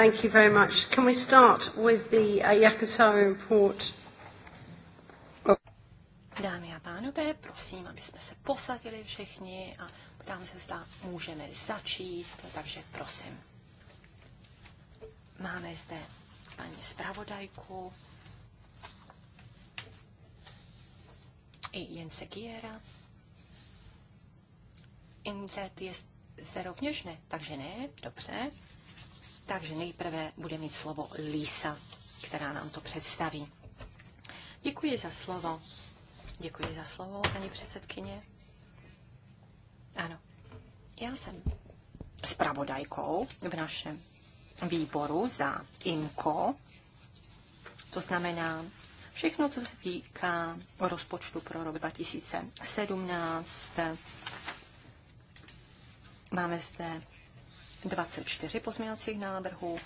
Thank you very much. Can we start with the uh, Yakasari report? Dámy a pánové, prosím, aby jsme se posadili všichni a tam se, zda můžeme začít, takže prosím. Máme zde paní zpravodajku i Jense Giera. Intet je zde rovněž ne, takže ne, dobře. Takže nejprve bude mít slovo Lisa, která nám to představí. Děkuji za slovo. Děkuji za slovo, paní předsedkyně. Ano, já jsem spravodajkou v našem výboru za IMCO. To znamená všechno, co se týká rozpočtu pro rok 2017. Máme zde 24 pozměňovacích návrhů,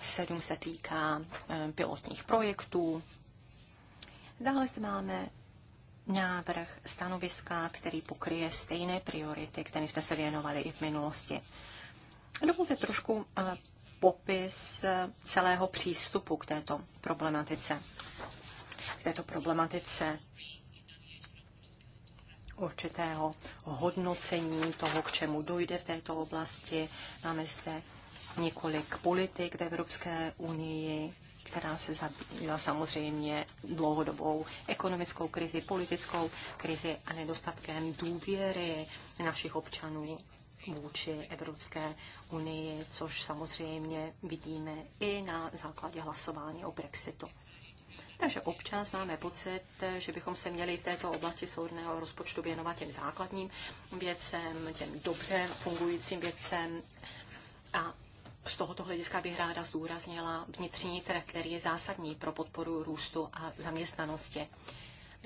7 se týká eh, pilotních projektů. Dále zde máme návrh stanoviska, který pokryje stejné priority, které jsme se věnovali i v minulosti. Dovolte trošku eh, popis eh, celého přístupu k této problematice. K této problematice určitého hodnocení toho, k čemu dojde v této oblasti. Máme zde několik politik v Evropské unii, která se zabývá samozřejmě dlouhodobou ekonomickou krizi, politickou krizi a nedostatkem důvěry našich občanů vůči Evropské unii, což samozřejmě vidíme i na základě hlasování o Brexitu. Takže občas máme pocit, že bychom se měli v této oblasti soudného rozpočtu věnovat těm základním věcem, těm dobře fungujícím věcem. A z tohoto hlediska bych ráda zdůraznila vnitřní trh, který je zásadní pro podporu růstu a zaměstnanosti.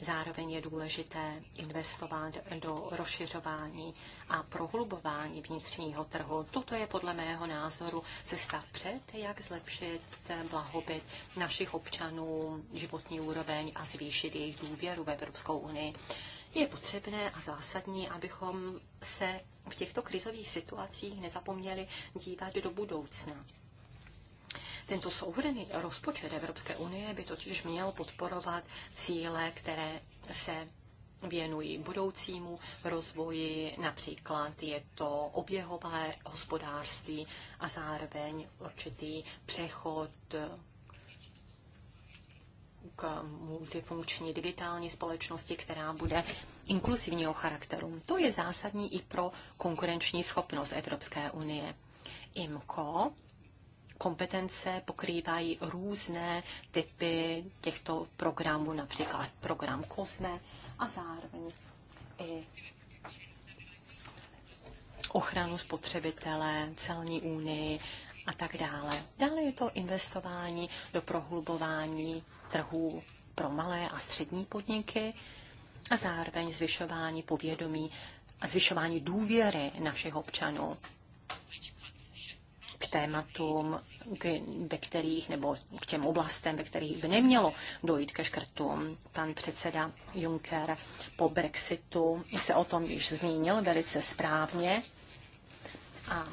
Zároveň je důležité investovat do rozšiřování a prohlubování vnitřního trhu. Toto je podle mého názoru cesta před, jak zlepšit eh, blahobyt našich občanů, životní úroveň a zvýšit jejich důvěru v Evropskou unii. Je potřebné a zásadní, abychom se v těchto krizových situacích nezapomněli dívat do budoucna tento souhrný rozpočet Evropské unie by totiž měl podporovat cíle, které se věnují budoucímu rozvoji, například je to oběhové hospodářství a zároveň určitý přechod eh, k multifunkční digitální společnosti, která bude inkluzivního charakteru. To je zásadní i pro konkurenční schopnost Evropské unie. IMCO kompetence pokrývají různé typy těchto programů, například program COSME a zároveň i ochranu spotřebitele, celní unii a tak dále. Dále je to investování do prohlubování trhů pro malé a střední podniky a zároveň zvyšování povědomí a zvyšování důvěry našich občanů k tématům k, ve kterých, nebo k těm oblastem, ve kterých by nemělo dojít ke škrtům. Pan předseda Juncker po Brexitu se o tom již zmínil velice správně a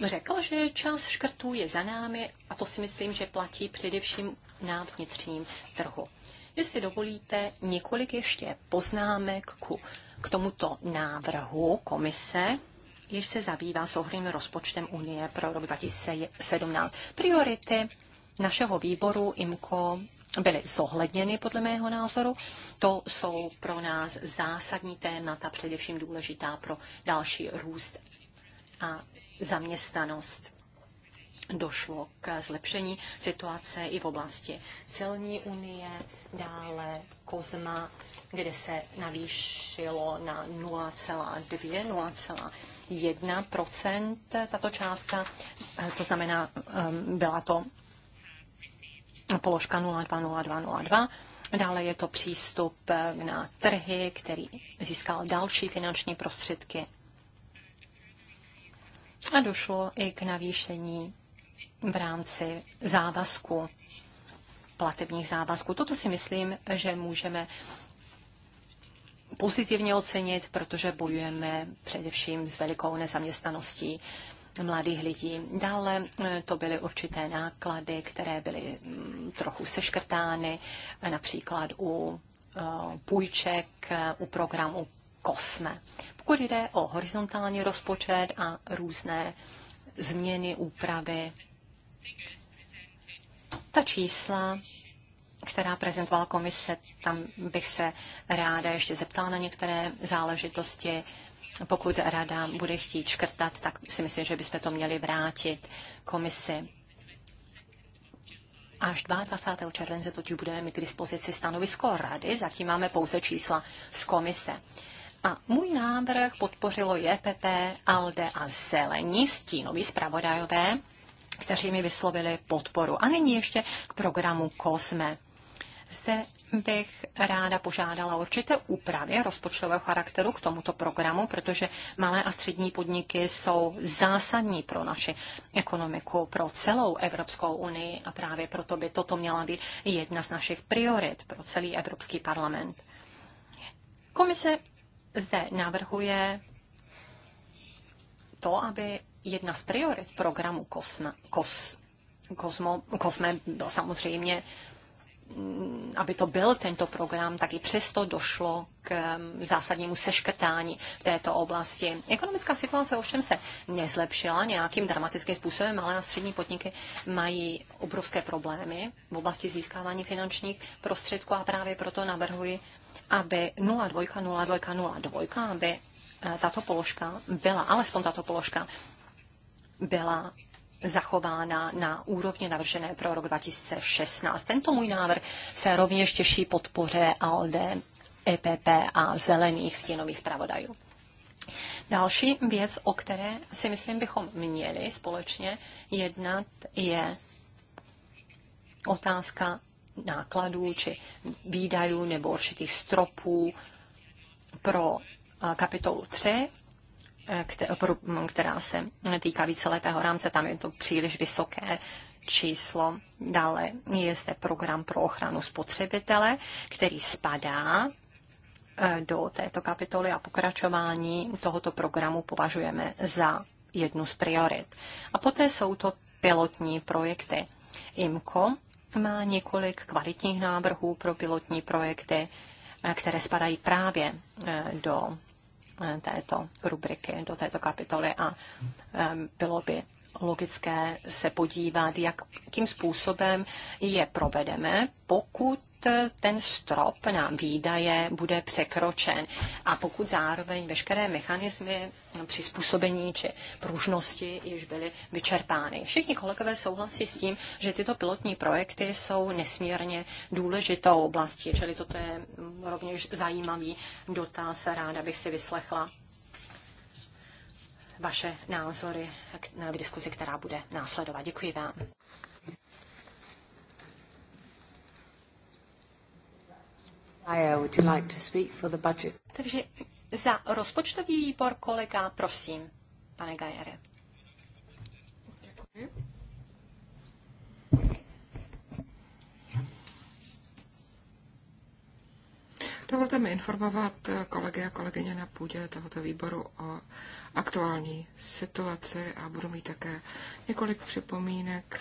e, řekl, že čas škrtů je za námi a to si myslím, že platí především na vnitřním trhu. Jestli dovolíte, několik ještě poznámek ku, k tomuto návrhu komise, jež se zabývá souhrným rozpočtem Unie pro rok 2017. Priority našeho výboru IMCO byly zohledněny podle mého názoru. To jsou pro nás zásadní témata, především důležitá pro další růst a zaměstnanost. Došlo k zlepšení situace i v oblasti celní unie, dále Kozma, kde se navýšilo na 0,2, 1%, tato částka, eh, to znamená, ehm, byla to položka 020202. Dále je to přístup eh, na trhy, který získal další finanční prostředky. A došlo i k navýšení v rámci závazku platebních závazků. Toto si myslím, že můžeme pozitivně ocenit, protože bojujeme především s velikou nezaměstnaností mladých lidí. Dále eh, to byly určité náklady, které byly mm, trochu seškrtány, eh, například u eh, půjček, u programu COSME. Pokud jde o horizontální rozpočet a různé změny, úpravy, ta čísla která prezentovala komise, tam bych se ráda ještě zeptala na některé záležitosti. Pokud rada bude chtít škrtat, tak si myslím, že bychom to měli vrátit komisi. Až 22. července totiž budeme mít k dispozici stanovisko rady, zatím máme pouze čísla z komise. A můj návrh podpořilo JPP, ALDE a Zelení, stínoví zpravodajové, kteří mi vyslovili podporu. A nyní ještě k programu COSME. Zde bych ráda požádala určité úpravy rozpočtového charakteru k tomuto programu, protože malé a střední podniky jsou zásadní pro naši ekonomiku, pro celou Evropskou unii a právě proto by toto měla být jedna z našich priorit pro celý Evropský parlament. Komise zde navrhuje to, aby jedna z priorit programu COSME, COS, COSMO, COSME byl samozřejmě Mm, aby to byl tento program, tak i přesto došlo k mm, zásadnímu seškrtání v této oblasti. Ekonomická situace ovšem se nezlepšila nějakým dramatickým způsobem, ale a střední podniky mají obrovské problémy v oblasti získávání finančních prostředků a právě proto navrhuji, aby 0,2,0,2,0,2, aby eh, tato položka byla, alespoň tato položka byla zachována na úrovně navržené pro rok 2016. Tento můj návrh se rovněž těší podpoře ALDE, EPP a zelených stěnových zpravodajů. Další věc, o které si myslím bychom měli společně jednat, je otázka nákladů či výdajů nebo určitých stropů pro eh, kapitolu 3 která se týká víceletého rámce, tam je to příliš vysoké číslo. Dále je zde program pro ochranu spotřebitele, který spadá e, do této kapitoly a pokračování tohoto programu považujeme za jednu z priorit. A poté jsou to pilotní projekty. IMCO má několik kvalitních návrhů pro pilotní projekty, e, které spadají právě e, do této rubriky, do této kapitoly a bylo by logické se podívat, jakým způsobem je provedeme, pokud ten strop na výdaje bude překročen. A pokud zároveň veškeré mechanismy přizpůsobení či pružnosti již byly vyčerpány. Všichni kolegové souhlasí s tím, že tyto pilotní projekty jsou nesmírně důležitou oblastí, čili toto je rovněž zajímavý dotaz. Ráda bych si vyslechla vaše názory v diskuzi, která bude následovat. Děkuji vám. Takže za rozpočtový výbor kolega, prosím, pane Gajere. Dovolte mi informovat kolegy a kolegyně na půdě tohoto výboru o aktuální situaci a budu mít také několik připomínek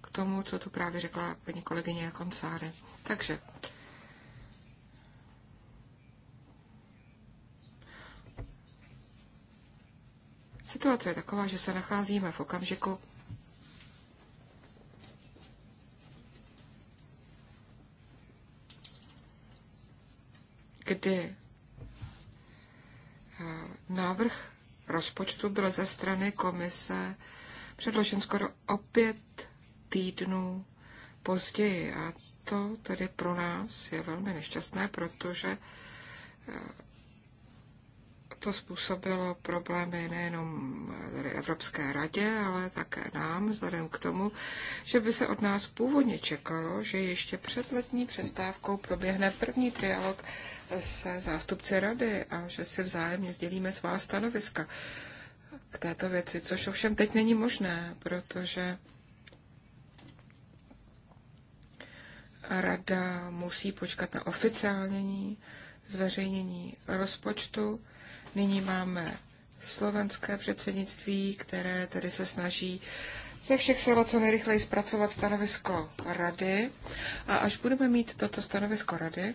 k tomu, co tu právě řekla paní kolegyně Koncáry. Takže Situace je taková, že se nacházíme v okamžiku, kdy eh, návrh rozpočtu byl ze strany komise předložen skoro o pět týdnů později. A to tedy pro nás je velmi nešťastné, protože eh, to způsobilo problémy nejenom tady Evropské radě, ale také nám, vzhledem k tomu, že by se od nás původně čekalo, že ještě před letní přestávkou proběhne první trialog se zástupci rady a že si vzájemně sdělíme svá stanoviska k této věci, což ovšem teď není možné, protože rada musí počkat na oficiálnění zveřejnění rozpočtu Nyní máme slovenské předsednictví, které tedy se snaží ze všech sil co nejrychleji zpracovat stanovisko rady. A až budeme mít toto stanovisko rady,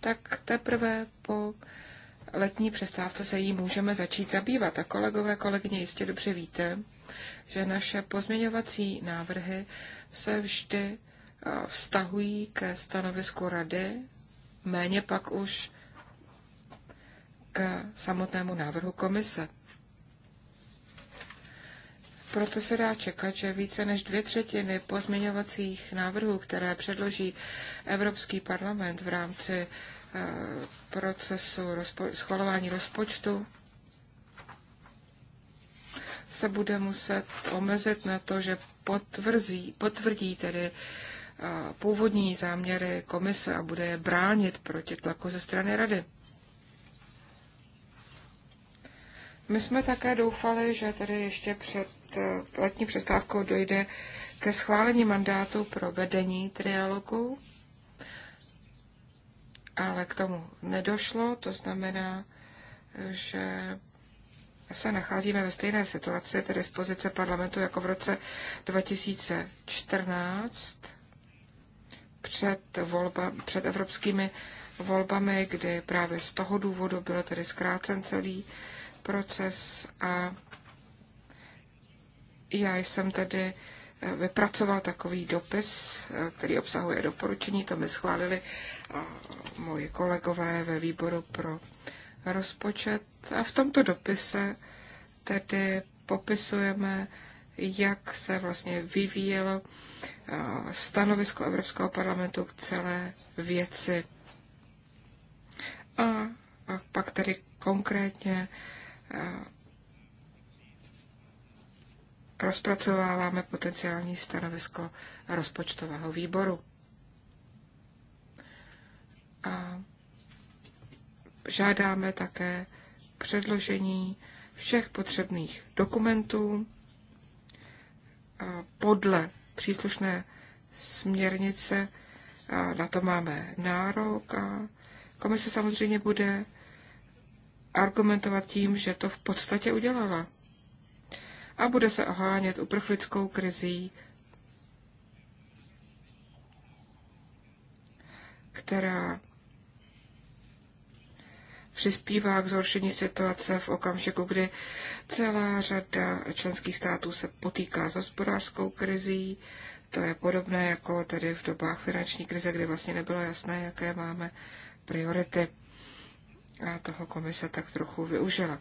tak teprve po letní přestávce se jí můžeme začít zabývat. A kolegové, kolegyně, jistě dobře víte, že naše pozměňovací návrhy se vždy eh, vztahují ke stanovisku rady, méně pak už k samotnému návrhu komise. Proto se dá čekat, že více než dvě třetiny pozměňovacích návrhů, které předloží Evropský parlament v rámci eh, procesu rozpo- schvalování rozpočtu, se bude muset omezit na to, že potvrzí, potvrdí tedy eh, původní záměry komise a bude je bránit proti tlaku ze strany rady. My jsme také doufali, že tedy ještě před eh, letní přestávkou dojde ke schválení mandátu pro vedení trialogu, ale k tomu nedošlo, to znamená, že se nacházíme ve stejné situaci, tedy z pozice parlamentu jako v roce 2014 před, volba, před evropskými volbami, kdy právě z toho důvodu byl tedy zkrácen celý proces a já jsem tedy eh, vypracoval takový dopis, eh, který obsahuje doporučení, to mi schválili eh, moji kolegové ve výboru pro rozpočet. A v tomto dopise tedy popisujeme, jak se vlastně vyvíjelo stanovisko Evropského parlamentu k celé věci. A, a pak tedy konkrétně rozpracováváme potenciální stanovisko rozpočtového výboru. A žádáme také předložení všech potřebných dokumentů podle příslušné směrnice. Na to máme nárok a komise samozřejmě bude argumentovat tím, že to v podstatě udělala. A bude se ohánět uprchlickou krizí, která přispívá k zhoršení situace v okamžiku, kdy celá řada členských států se potýká s hospodářskou krizí. To je podobné jako tady v dobách finanční krize, kdy vlastně nebylo jasné, jaké máme priority toho komise tak trochu využila.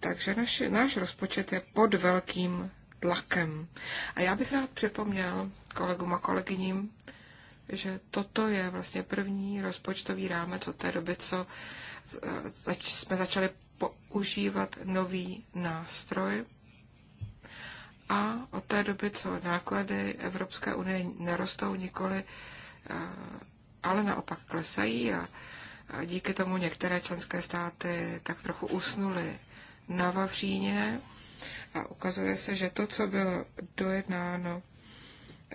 Takže naš, náš rozpočet je pod velkým tlakem. A já bych rád připomněl kolegům a kolegyním, že toto je vlastně první rozpočtový rámec od té doby, co zač- jsme začali používat nový nástroj. A od té doby, co náklady Evropské unie narostou nikoli, eh, ale naopak klesají a díky tomu některé členské státy tak trochu usnuly na Vavříně a ukazuje se, že to, co bylo dojednáno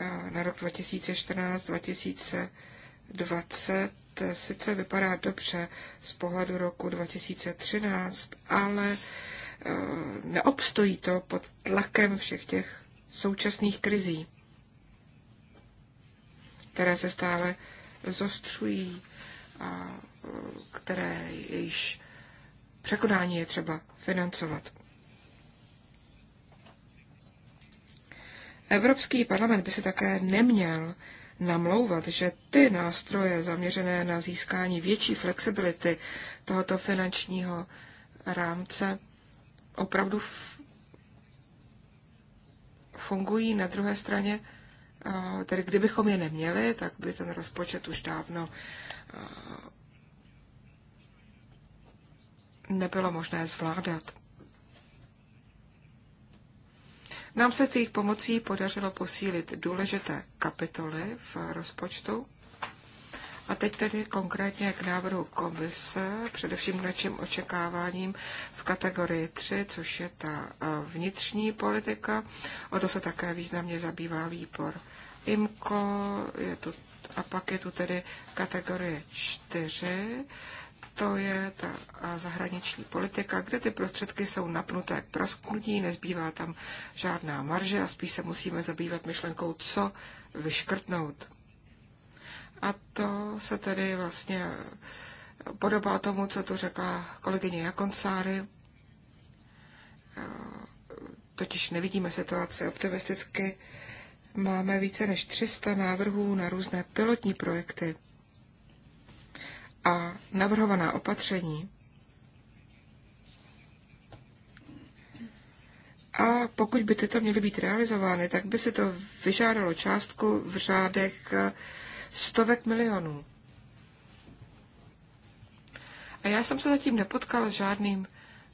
eh, na rok 2014-2020, sice vypadá dobře z pohledu roku 2013, ale eh, neobstojí to pod tlakem všech těch současných krizí, které se stále zostřují a které již překonání je třeba financovat. Evropský parlament by se také neměl namlouvat, že ty nástroje zaměřené na získání větší flexibility tohoto finančního rámce opravdu fungují na druhé straně, eh, tedy kdybychom je neměli, tak by ten rozpočet už dávno eh, nebylo možné zvládat. Nám se s jejich pomocí podařilo posílit důležité kapitoly v rozpočtu. A teď tedy konkrétně k návrhu komise, především k našim očekáváním v kategorii 3, což je ta vnitřní politika. O to se také významně zabývá výbor IMCO, je tu, a pak je tu tedy kategorie 4, to je ta zahraniční politika, kde ty prostředky jsou napnuté k prasknutí, nezbývá tam žádná marže a spíš se musíme zabývat myšlenkou, co vyškrtnout. A to se tedy vlastně podobá tomu, co tu řekla kolegyně Jakoncáry. Totiž nevidíme situaci optimisticky. Máme více než 300 návrhů na různé pilotní projekty a navrhovaná opatření A pokud by tyto měly být realizovány, tak by se to vyžádalo částku v řádech eh, stovek milionů. A já jsem se zatím nepotkal s žádným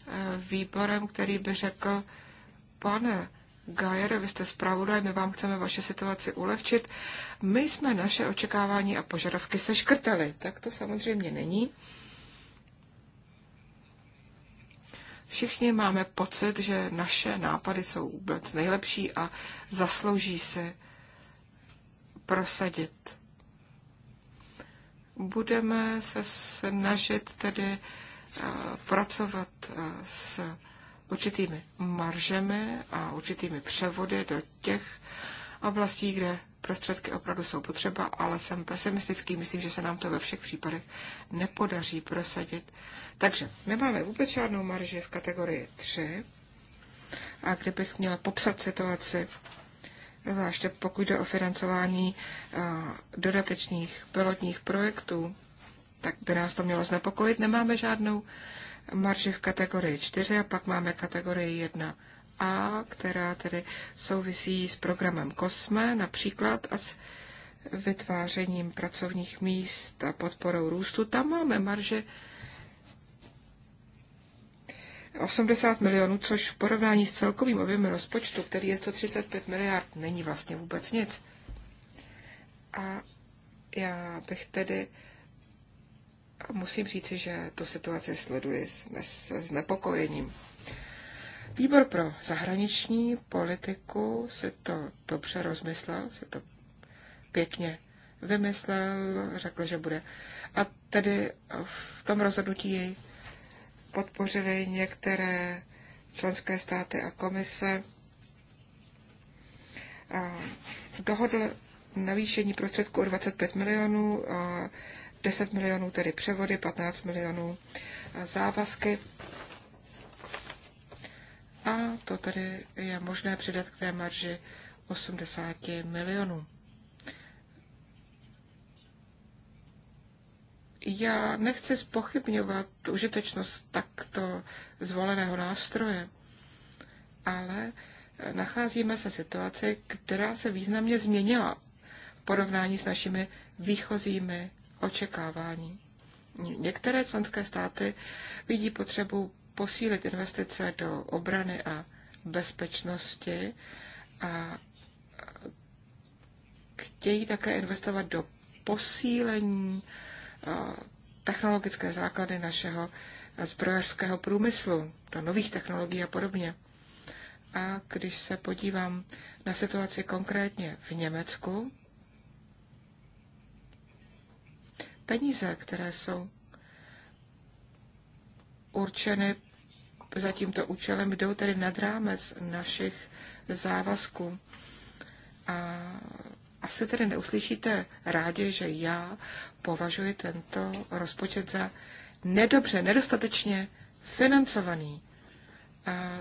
eh, výborem, který by řekl, pane Gajere, vy jste zpravodaj, my vám chceme vaše situaci ulehčit, my jsme naše očekávání a požadavky seškrtali. Tak to samozřejmě není. Všichni máme pocit, že naše nápady jsou vůbec nejlepší a zaslouží se prosadit. Budeme se snažit tedy eh, pracovat eh, s určitými maržemi a určitými převody do těch oblastí, kde prostředky opravdu jsou potřeba, ale jsem pesimistický, myslím, že se nám to ve všech případech nepodaří prosadit. Takže nemáme vůbec žádnou marži v kategorii 3. A kdybych měla popsat situaci, zvláště pokud jde o financování eh, dodatečných pilotních projektů, tak by nás to mělo znepokojit. Nemáme žádnou marži v kategorii 4 a pak máme kategorii 1 a, která tedy souvisí s programem COSME například a s vytvářením pracovních míst a podporou růstu. Tam máme marže 80 milionů, což v porovnání s celkovým objemem rozpočtu, který je 135 miliard, není vlastně vůbec nic. A já bych tedy musím říci, že tu situaci sleduji s, s, s nepokojením. Výbor pro zahraniční politiku si to dobře rozmyslel, si to pěkně vymyslel, řekl, že bude. A tedy v tom rozhodnutí jej podpořili některé členské státy a komise. A dohodl navýšení prostředků o 25 milionů, 10 milionů tedy převody, 15 milionů závazky a to tedy je možné přidat k té marži 80 milionů. Já nechci spochybňovat užitečnost takto zvoleného nástroje, ale nacházíme se situaci, která se významně změnila v porovnání s našimi výchozími očekávání. Některé členské státy vidí potřebu posílit investice do obrany a bezpečnosti a chtějí také investovat do posílení eh, technologické základy našeho zbrojařského průmyslu, do nových technologií a podobně. A když se podívám na situaci konkrétně v Německu, peníze, které jsou určeny za tímto účelem, jdou tedy nad rámec našich závazků. A asi tedy neuslyšíte rádi, že já považuji tento rozpočet za nedobře, nedostatečně financovaný. A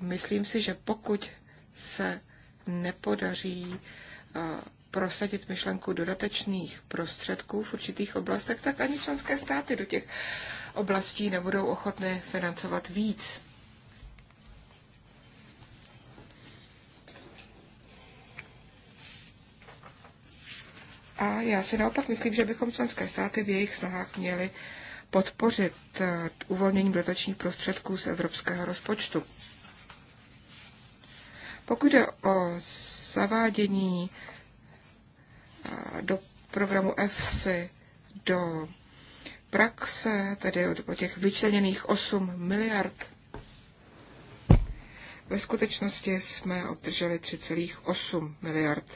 myslím si, že pokud se nepodaří prosadit myšlenku dodatečných prostředků v určitých oblastech, tak ani členské státy do těch oblastí nebudou ochotny financovat víc. A já si naopak myslím, že bychom členské státy v jejich snahách měli podpořit eh, uvolnění dotačních prostředků z evropského rozpočtu. Pokud jde o zavádění eh, do programu EFSI do praxe, tedy o těch vyčleněných 8 miliard, ve skutečnosti jsme obdrželi 3,8 miliard.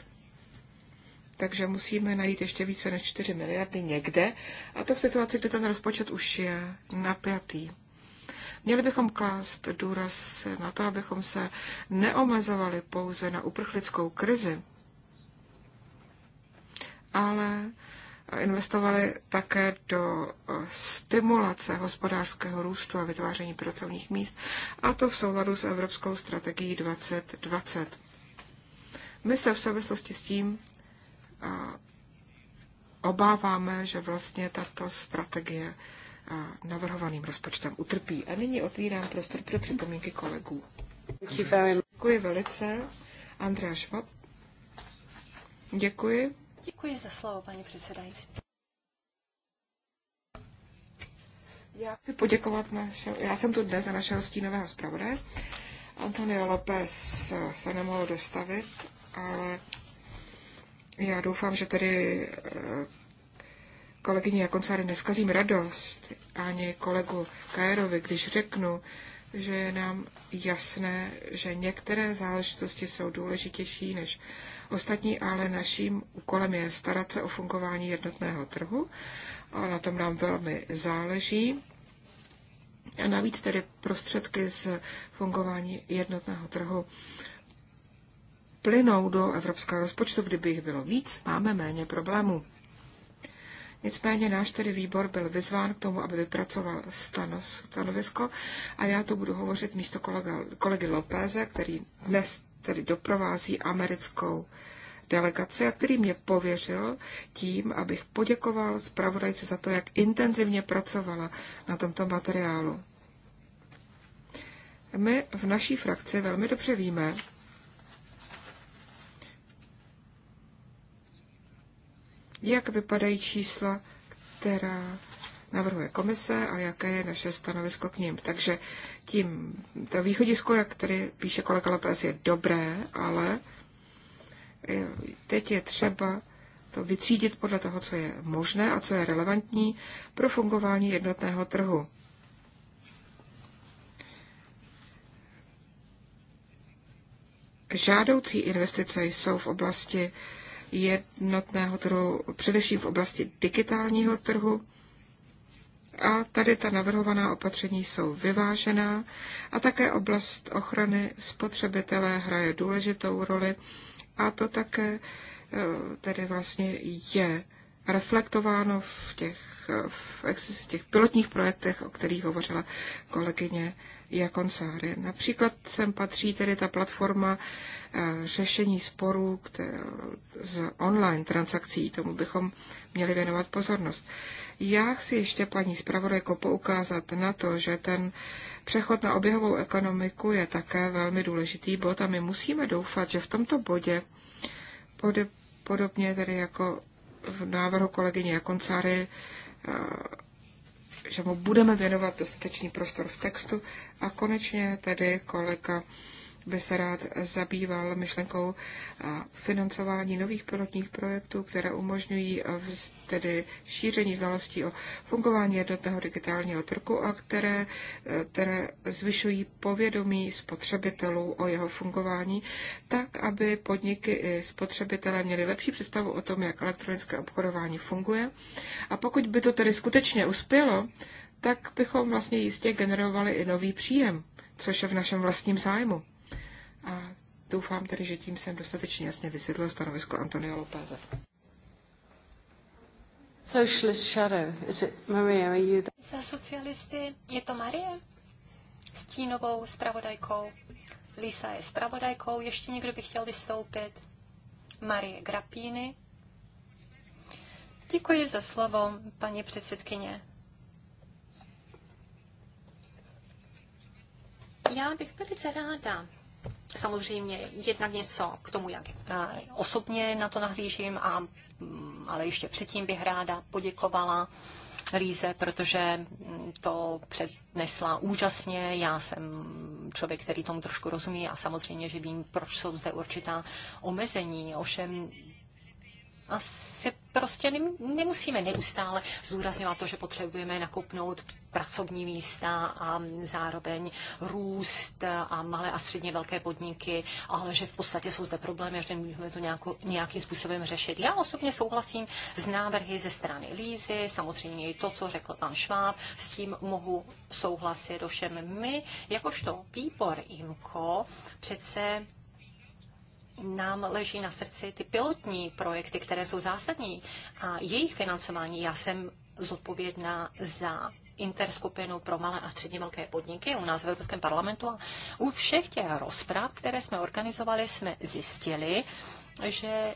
Takže musíme najít ještě více než 4 miliardy někde, a to v situaci, kdy ten rozpočet už je napjatý. Měli bychom klást důraz na to, abychom se neomezovali pouze na uprchlickou krizi, ale investovali také do eh, stimulace hospodářského růstu a vytváření pracovních míst, a to v souladu s Evropskou strategií 2020. My se v souvislosti s tím eh, obáváme, že vlastně tato strategie eh, navrhovaným rozpočtem utrpí. A nyní otvírám prostor pro připomínky kolegů. Děkuji velice. Andrea Schwab. Děkuji. Děkuji za slovo, paní předsedající. Já chci poděkovat našeho, já jsem tu dnes za našeho stínového zpravodaje. Antonio López se nemohl dostavit, ale já doufám, že tedy eh, kolegyně Jakoncáry neskazím radost ani kolegu Kajerovi, když řeknu, že je nám jasné, že některé záležitosti jsou důležitější než ostatní, ale naším úkolem je starat se o fungování jednotného trhu a na tom nám velmi záleží. A navíc tedy prostředky z fungování jednotného trhu plynou do evropského rozpočtu, kdyby jich bylo víc, máme méně problémů. Nicméně náš tedy výbor byl vyzván k tomu, aby vypracoval stanos, stanovisko a já to budu hovořit místo kolega, kolegy Lopéze, který dnes tedy doprovází americkou delegaci a který mě pověřil tím, abych poděkoval zpravodajce za to, jak intenzivně pracovala na tomto materiálu. My v naší frakci velmi dobře víme, jak vypadají čísla, která navrhuje komise a jaké je naše stanovisko k ním. Takže tím, to východisko, jak tady píše kolega Lopez, je dobré, ale eh, teď je třeba to vytřídit podle toho, co je možné a co je relevantní pro fungování jednotného trhu. Žádoucí investice jsou v oblasti jednotného trhu, především v oblasti digitálního trhu. A tady ta navrhovaná opatření jsou vyvážená a také oblast ochrany spotřebitele hraje důležitou roli a to také eh, tedy vlastně je reflektováno v těch, eh, v těch pilotních projektech, o kterých hovořila kolegyně Jakonsáry. Například sem patří tedy ta platforma eh, řešení sporů z online transakcí. Tomu bychom měli věnovat pozornost. Já chci ještě paní zpravodajko poukázat na to, že ten přechod na oběhovou ekonomiku je také velmi důležitý bod a my musíme doufat, že v tomto bodě podobně tedy jako v návrhu kolegyně Jakoncáry eh, že mu budeme věnovat dostatečný prostor v textu. A konečně tedy kolega by se rád zabýval myšlenkou financování nových pilotních projektů, které umožňují eh, tedy šíření znalostí o fungování jednotného digitálního trhu a které, eh, které zvyšují povědomí spotřebitelů o jeho fungování, tak aby podniky i spotřebitelé měli lepší představu o tom, jak elektronické obchodování funguje. A pokud by to tedy skutečně uspělo, tak bychom vlastně jistě generovali i nový příjem, což je v našem vlastním zájmu. A doufám tedy, že tím jsem dostatečně jasně vysvětlil stanovisko Antonia Lopéze. Socialist shadow, is it Maria? Are you Za socialisty je to Marie? Stínovou spravodajkou. Lisa je spravodajkou. Ještě někdo by chtěl vystoupit? Marie Grapíny. Děkuji za slovo, paní předsedkyně. Já bych velice ráda samozřejmě jednak něco k tomu, jak eh, osobně na to nahlížím, a, mm, ale ještě předtím bych ráda poděkovala Líze, protože mm, to přednesla úžasně. Já jsem člověk, který tomu trošku rozumí a samozřejmě, že vím, proč jsou zde určitá omezení. Ovšem asi prostě nemusíme neustále zdůrazňovat to, že potřebujeme nakopnout pracovní místa a zároveň růst a malé a středně velké podniky, ale že v podstatě jsou zde problémy, že můžeme to nějakou, nějakým způsobem řešit. Já osobně souhlasím s návrhy ze strany Lízy, samozřejmě i to, co řekl pan Šváb, s tím mohu souhlasit. Ovšem my, jakožto výbor Imko, přece nám leží na srdci ty pilotní projekty, které jsou zásadní a jejich financování. Já jsem zodpovědná za interskupinu pro malé a středně velké podniky u nás v Evropském parlamentu a u všech těch rozpráv, které jsme organizovali, jsme zjistili, že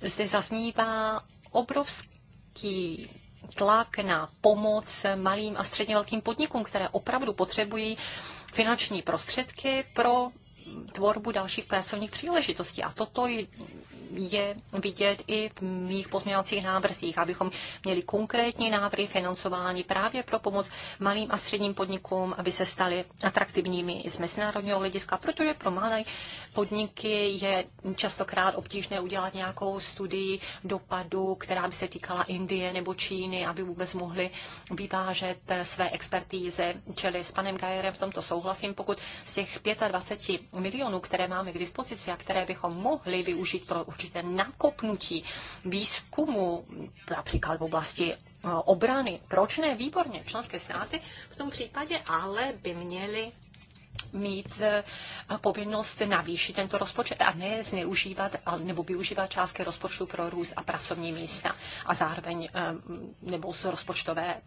zde zaznívá obrovský tlak na pomoc malým a středně velkým podnikům, které opravdu potřebují finanční prostředky pro tvorbu dalších pracovních příležitostí. A toto je vidět i v mých pozměňovacích návrzích, abychom měli konkrétní návrhy financování právě pro pomoc malým a středním podnikům, aby se staly atraktivními z mezinárodního hlediska, protože pro malé podniky je častokrát obtížné udělat nějakou studii dopadu, která by se týkala Indie nebo Číny, aby vůbec mohli vyvážet své expertíze. Čili s panem Gajerem v tomto souhlasím, pokud z těch 25 milionů, které máme k dispozici a které bychom mohli využít pro určitě určité nakopnutí výzkumu, například v oblasti eh, obrany. Proč ne? Výborně. Členské státy v tom případě ale by měly mít eh, povinnost navýšit tento rozpočet a ne zneužívat nebo využívat částky rozpočtu pro růst a pracovní místa a zároveň eh, nebo z rozpočtové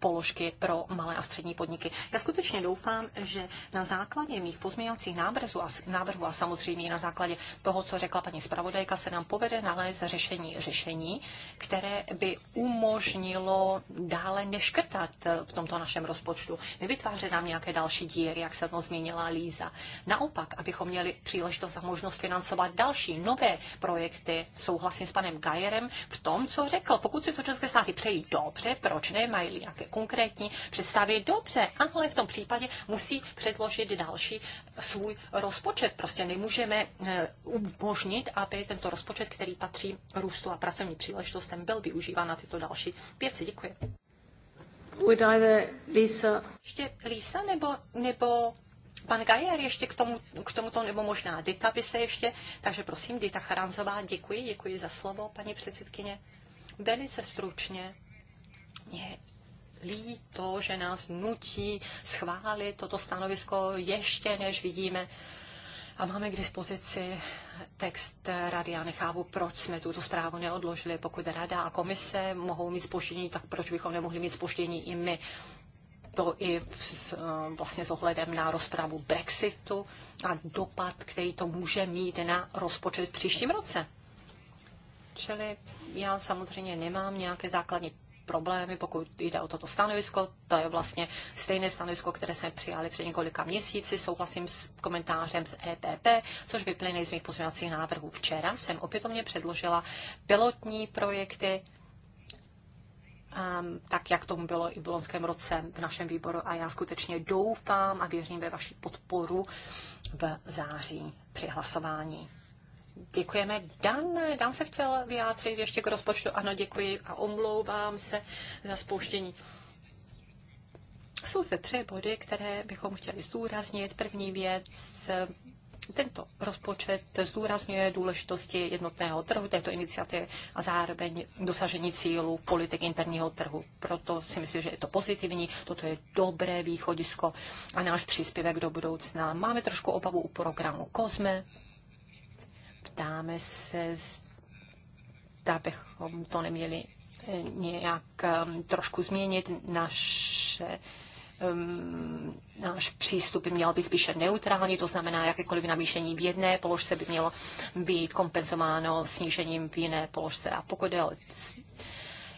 položky pro malé a střední podniky. Já skutečně doufám, že na základě mých pozměňovacích návrhů a, návrhů a samozřejmě na základě toho, co řekla paní zpravodajka, se nám povede nalézt řešení, řešení, které by umožnilo dále neškrtat eh, v tomto našem rozpočtu, nevytvářet nám nějaké další díry, jak se to změnila Líza. Naopak, abychom měli příležitost a možnost financovat další nové projekty. Souhlasím s panem Gajerem v tom, co řekl. Pokud si to České státy přejí dobře, proč ne, mají nějaké konkrétní, představit dobře, ale v tom případě musí předložit další svůj rozpočet. Prostě nemůžeme eh, umožnit, aby tento rozpočet, který patří růstu a pracovní příležitostem, byl využíván na tyto další věci. Děkuji. Would either Lisa... Ještě Lisa nebo, nebo pan Gajer ještě k, tomu, k tomuto, nebo možná Dita by se ještě, takže prosím, Dita Charanzová, děkuji, děkuji za slovo, paní předsedkyně. Velice stručně, líto, že nás nutí schválit toto stanovisko ještě, než vidíme a máme k dispozici text rady. Já nechápu, proč jsme tuto zprávu neodložili. Pokud rada a komise mohou mít spoštění, tak proč bychom nemohli mít spoštění i my? To i s, vlastně s ohledem na rozpravu Brexitu a dopad, který to může mít na rozpočet v příštím roce. Čili já samozřejmě nemám nějaké základní problémy, pokud jde o toto stanovisko. To je vlastně stejné stanovisko, které jsme přijali před několika měsíci. Souhlasím s komentářem z ETP, což vyplyne z mých pozměňovacích návrhů. Včera jsem opětovně předložila pilotní projekty um, tak jak tomu bylo i v loňském roce v našem výboru a já skutečně doufám a věřím ve vaši podporu v září při hlasování. Děkujeme. Dan, Dan se chtěl vyjádřit ještě k rozpočtu. Ano, děkuji a omlouvám se za spouštění. Jsou zde tři body, které bychom chtěli zdůraznit. První věc, tento rozpočet zdůrazňuje důležitosti jednotného trhu této iniciativy a zároveň dosažení cílů politik interního trhu. Proto si myslím, že je to pozitivní, toto je dobré východisko a náš příspěvek do budoucna. Máme trošku obavu u programu COSME, ptáme se, zda bychom to neměli eh, nějak ehm, trošku změnit. Naše um, náš přístup by měl být spíše neutrální, to znamená, jakékoliv navýšení v jedné položce by mělo být kompenzováno snížením v jiné položce. A pokud je o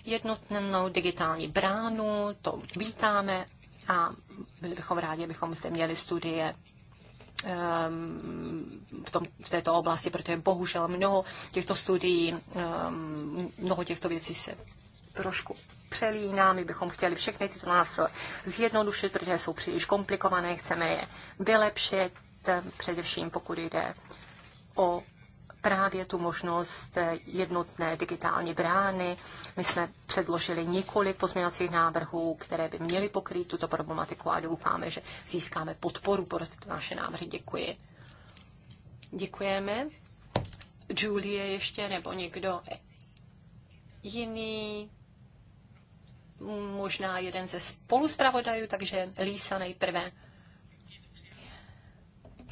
jednotnou digitální bránu, to vítáme a byli bychom rádi, abychom zde měli studie Ehm, v, tom, v této oblasti, protože bohužel mnoho těchto studií, ehm, mnoho těchto věcí se trošku přelíná, my bychom chtěli všechny tyto nástroje zjednodušit, protože jsou příliš komplikované, chceme je vylepšit, především pokud jde o právě tu možnost jednotné digitální brány. My jsme předložili několik pozměňovacích návrhů, které by měly pokrýt tuto problematiku a doufáme, že získáme podporu pro tyto naše návrhy. Děkuji. Děkujeme. Julie ještě nebo někdo jiný? Možná jeden ze spoluzpravodajů, takže Lisa nejprve.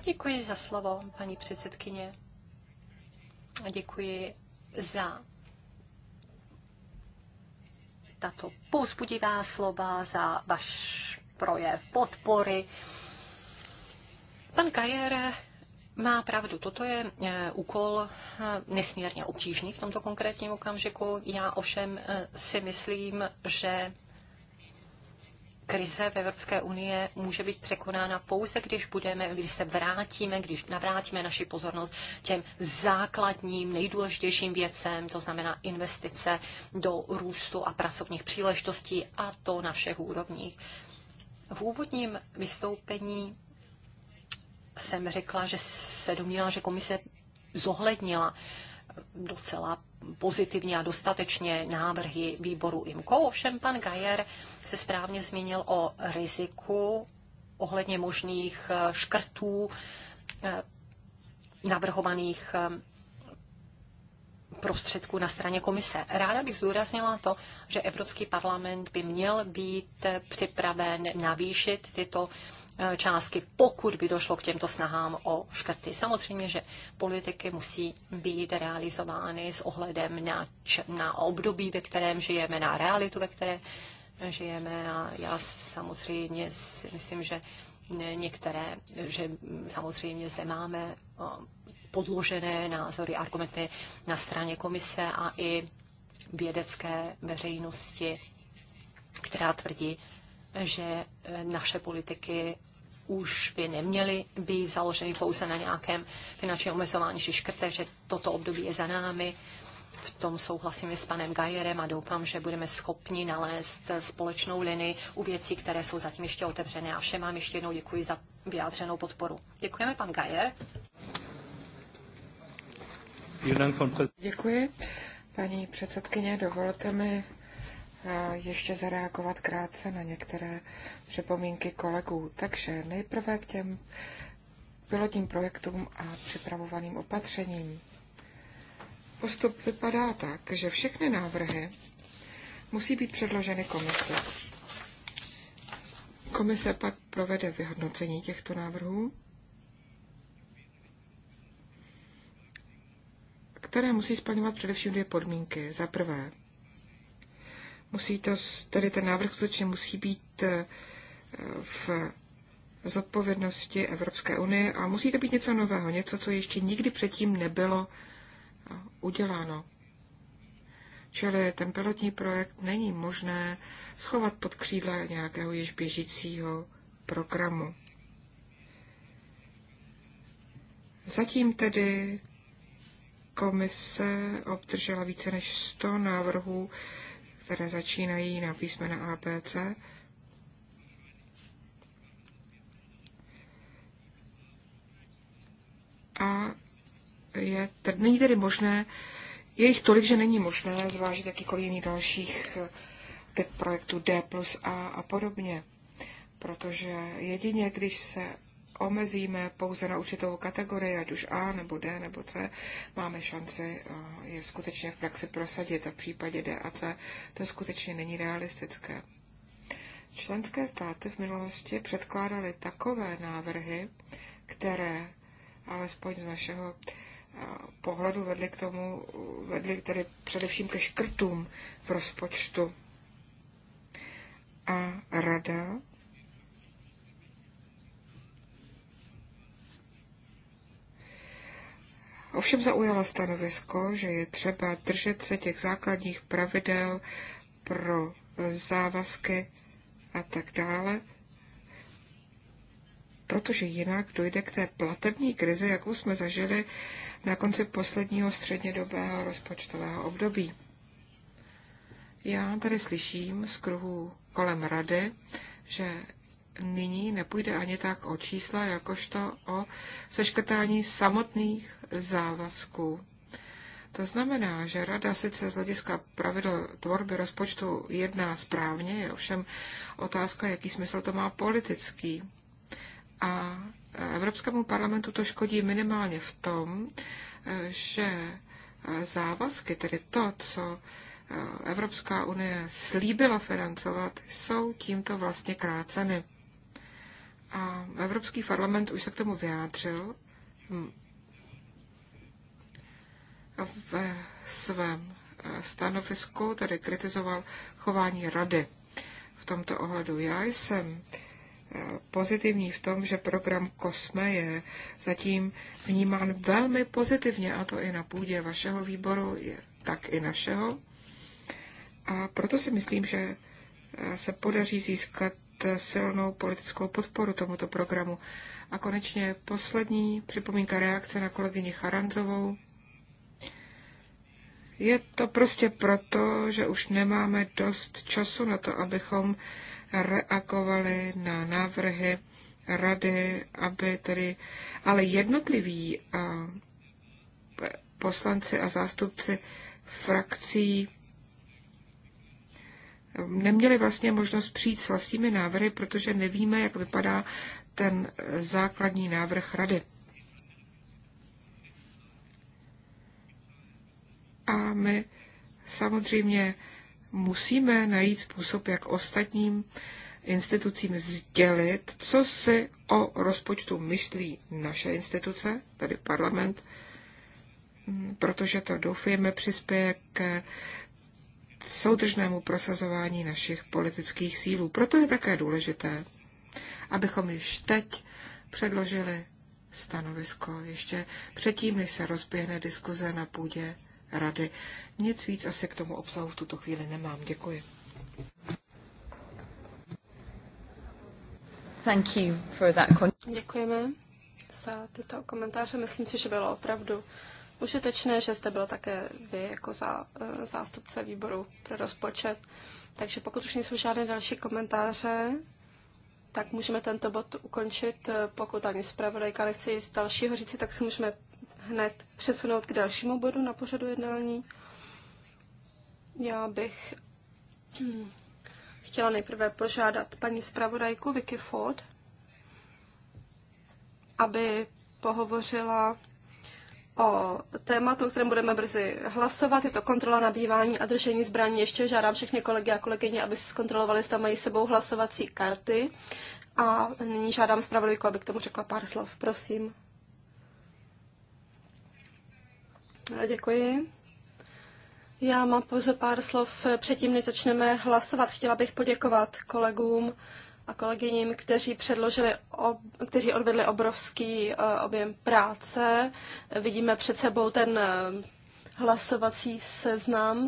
Děkuji za slovo, paní předsedkyně. Děkuji za tato pouzbudivá slova, za vaš projev podpory. Pan Kajer má pravdu, toto je e, úkol e, nesmírně obtížný v tomto konkrétním okamžiku. Já ovšem e, si myslím, že krize v Evropské unie může být překonána pouze, když budeme, když se vrátíme, když navrátíme naši pozornost těm základním, nejdůležitějším věcem, to znamená investice do růstu a pracovních příležitostí a to na všech úrovních. V úvodním vystoupení jsem řekla, že se domnívám, že komise zohlednila docela pozitivně a dostatečně návrhy výboru IMCO. Ovšem pan Gajer se správně zmínil o riziku ohledně možných eh, škrtů eh, navrhovaných eh, prostředků na straně komise. Ráda bych zdůraznila to, že Evropský parlament by měl být připraven navýšit tyto Eh, částky, pokud by došlo k těmto snahám o škrty. Samozřejmě, že politiky musí být realizovány s ohledem na, na období, ve kterém žijeme, na realitu, ve které žijeme a já samozřejmě si myslím, že některé, že samozřejmě zde máme eh, podložené názory, argumenty na straně komise a i vědecké veřejnosti, která tvrdí, že eh, naše politiky už by neměly být založeny pouze na nějakém finančním omezování či škrte, že toto období je za námi. V tom souhlasím s panem Gajerem a doufám, že budeme schopni nalézt společnou linii u věcí, které jsou zatím ještě otevřené. A všem vám ještě jednou děkuji za vyjádřenou podporu. Děkujeme, pan Gajer. Děkuji. Paní předsedkyně, dovolte mi ještě zareagovat krátce na některé připomínky kolegů. Takže nejprve k těm pilotním projektům a připravovaným opatřením. Postup vypadá tak, že všechny návrhy musí být předloženy komise. Komise pak provede vyhodnocení těchto návrhů, které musí splňovat především dvě podmínky. Za prvé, Musí to, tedy ten návrh skutečně musí být eh, v zodpovědnosti Evropské unie a musí to být něco nového, něco, co ještě nikdy předtím nebylo eh, uděláno. Čili ten pilotní projekt není možné schovat pod křídla nějakého již běžícího programu. Zatím tedy komise obdržela více než 100 návrhů které začínají na písmena ABC. A je, není tedy možné, je jich tolik, že není možné zvážit jakýkoliv jiný dalších eh, typ projektu D plus A a podobně. Protože jedině, když se omezíme pouze na určitou kategorii, ať už A nebo D nebo C, máme šanci eh, je skutečně v praxi prosadit a v případě D a C to skutečně není realistické. Členské státy v minulosti předkládaly takové návrhy, které alespoň z našeho eh, pohledu vedly k tomu, vedly tedy především ke škrtům v rozpočtu. A rada Ovšem zaujala stanovisko, že je třeba držet se těch základních pravidel pro závazky a tak dále, protože jinak dojde k té platební krizi, jakou jsme zažili na konci posledního střednědobého rozpočtového období. Já tady slyším z kruhu kolem rady, že nyní nepůjde ani tak o čísla, jakožto o seškrtání samotných závazků. To znamená, že rada sice z hlediska pravidel tvorby rozpočtu jedná správně, je ovšem otázka, jaký smysl to má politický. A Evropskému parlamentu to škodí minimálně v tom, že závazky, tedy to, co Evropská unie slíbila financovat, jsou tímto vlastně kráceny. A Evropský parlament už se k tomu vyjádřil ve svém eh, stanovisku, tedy kritizoval chování rady. V tomto ohledu já jsem eh, pozitivní v tom, že program COSME je zatím vnímán velmi pozitivně, a to i na půdě vašeho výboru, tak i našeho. A proto si myslím, že eh, se podaří získat silnou politickou podporu tomuto programu. A konečně poslední připomínka reakce na kolegyni Charanzovou. Je to prostě proto, že už nemáme dost času na to, abychom reagovali na návrhy rady, aby tedy, ale jednotliví poslanci a zástupci frakcí neměli vlastně možnost přijít s vlastními návrhy, protože nevíme, jak vypadá ten základní návrh rady. A my samozřejmě musíme najít způsob, jak ostatním institucím sdělit, co si o rozpočtu myšlí naše instituce, tedy parlament, protože to doufujeme přispěje k soudržnému prosazování našich politických sílů. Proto je také důležité, abychom již teď předložili stanovisko, ještě předtím, než se rozběhne diskuze na půdě rady. Nic víc asi k tomu obsahu v tuto chvíli nemám. Děkuji. Thank you for that. Děkujeme za tyto komentáře. Myslím si, že bylo opravdu užitečné, že jste byl také vy jako zá, e, zástupce výboru pro rozpočet. Takže pokud už nejsou žádné další komentáře, tak můžeme tento bod ukončit. E, pokud ani zpravodajka nechce jít dalšího říci, tak se můžeme hned přesunout k dalšímu bodu na pořadu jednání. Já bych hm, chtěla nejprve požádat paní zpravodajku Vicky Ford, aby pohovořila o tématu, o kterém budeme brzy hlasovat. Je to kontrola nabývání a držení zbraní. Ještě žádám všechny kolegy a kolegyně, aby si zkontrolovali, zda mají sebou hlasovací karty. A nyní žádám zpravodajku, aby k tomu řekla pár slov. Prosím. No, děkuji. Já mám pouze pár slov předtím, než začneme hlasovat. Chtěla bych poděkovat kolegům a kolegyním, kteří předložili, ob, kteří odvedli obrovský eh, objem práce. Vidíme před sebou ten eh, hlasovací seznam.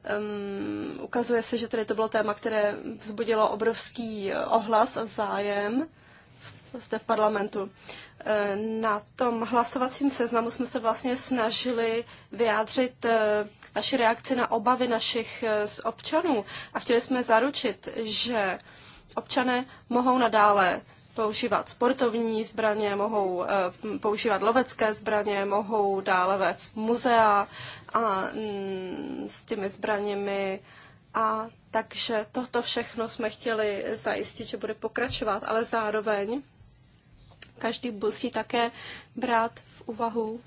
Um, ukazuje se, že tady to bylo téma, které vzbudilo obrovský eh, ohlas a zájem zde v parlamentu. Na tom hlasovacím seznamu jsme se vlastně snažili vyjádřit naši reakci na obavy našich občanů a chtěli jsme zaručit, že občané mohou nadále používat sportovní zbraně, mohou eh, používat lovecké zbraně, mohou dále vést muzea a mm, s těmi zbraněmi. A takže toto všechno jsme chtěli zajistit, že bude pokračovat, ale zároveň každý musí také brát v úvahu,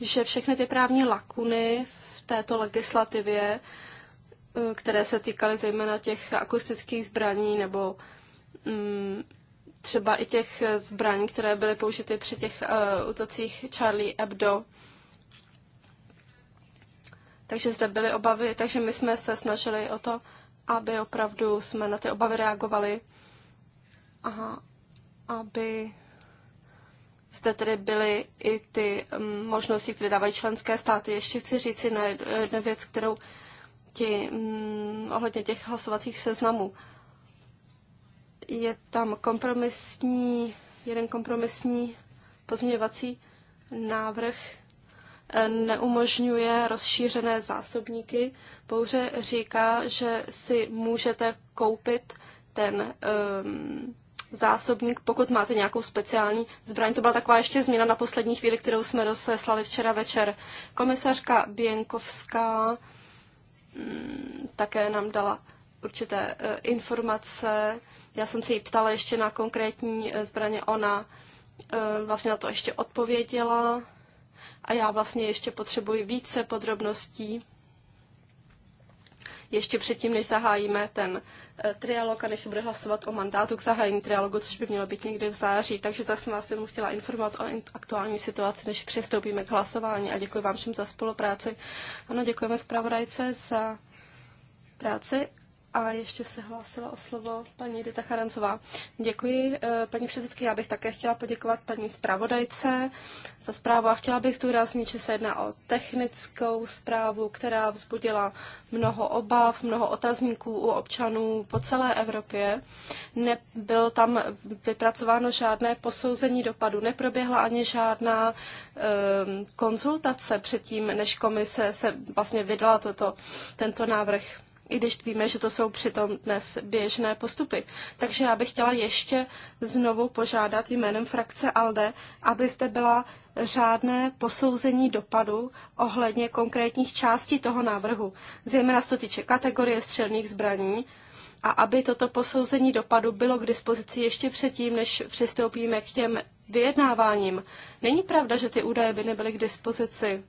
že všechny ty právní lakuny v této legislativě Eh, které se týkaly zejména těch akustických zbraní nebo mm, třeba i těch zbraní, které byly použity při těch uh, útocích Charlie Hebdo. Takže zde byly obavy, takže my jsme se snažili o to, aby opravdu jsme na ty obavy reagovali a aby zde tedy byly i ty um, možnosti, které dávají členské státy. Ještě chci říct si na eh, jednu věc, kterou uh, ti, mm, ohledně těch hlasovacích seznamů. Je tam kompromisní, jeden kompromisní pozměňovací návrh eh, neumožňuje rozšířené zásobníky, pouze říká, že si můžete koupit ten um, zásobník, pokud máte nějakou speciální zbraň. To byla taková ještě změna na poslední chvíli, kterou jsme rozeslali včera večer. Komisařka Běnkovská Mm, také nám dala určité eh, informace. Já jsem se jí ptala ještě na konkrétní eh, zbraně, ona eh, vlastně na to ještě odpověděla a já vlastně ještě potřebuji více podrobností ještě předtím, než zahájíme ten eh, trialog a než se bude hlasovat o mandátu k zahájení trialogu, což by mělo být někdy v září. Takže to jsem vás jenom chtěla informovat o aktuální situaci, než přistoupíme k hlasování a děkuji vám všem za spolupráci. Ano, děkujeme zpravodajce za práci a ještě se hlásila o slovo paní Dita Charancová. Děkuji. Eh, paní předsedky, já bych také chtěla poděkovat paní zpravodajce za zprávu a chtěla bych zdůraznit, že se jedná o technickou zprávu, která vzbudila mnoho obav, mnoho otazníků u občanů po celé Evropě. Nebyl tam vypracováno žádné posouzení dopadu, neproběhla ani žádná um, konzultace předtím, než komise se vlastně vydala toto, tento návrh i když víme, že to jsou přitom dnes běžné postupy. Takže já bych chtěla ještě znovu požádat jménem frakce ALDE, aby zde byla řádné posouzení dopadu ohledně konkrétních částí toho návrhu, zejména co týče kategorie střelných zbraní, a aby toto posouzení dopadu bylo k dispozici ještě předtím, než přistoupíme k těm vyjednáváním. Není pravda, že ty údaje by nebyly k dispozici.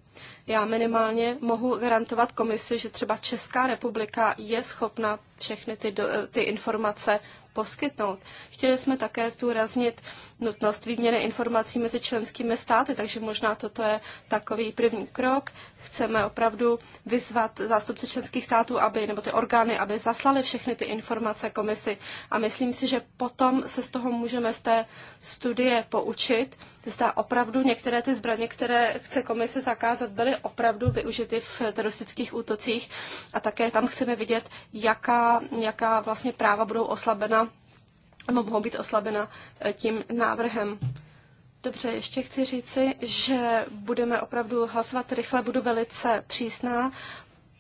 Já minimálně mohu garantovat komisi, že třeba Česká republika je schopna všechny ty, do, ty informace poskytnout. Chtěli jsme také zdůraznit nutnost výměny informací mezi členskými státy, takže možná toto je takový první krok. Chceme opravdu vyzvat zástupce členských států, aby, nebo ty orgány, aby zaslali všechny ty informace komisi. A myslím si, že potom se z toho můžeme z té studie poučit zda opravdu některé ty zbraně, které chce komise zakázat, byly opravdu využity v teroristických útocích a také tam chceme vidět, jaká, jaká vlastně práva budou oslabena nebo mohou být oslabena eh, tím návrhem. Dobře, ještě chci říci, že budeme opravdu hlasovat rychle, budu velice přísná.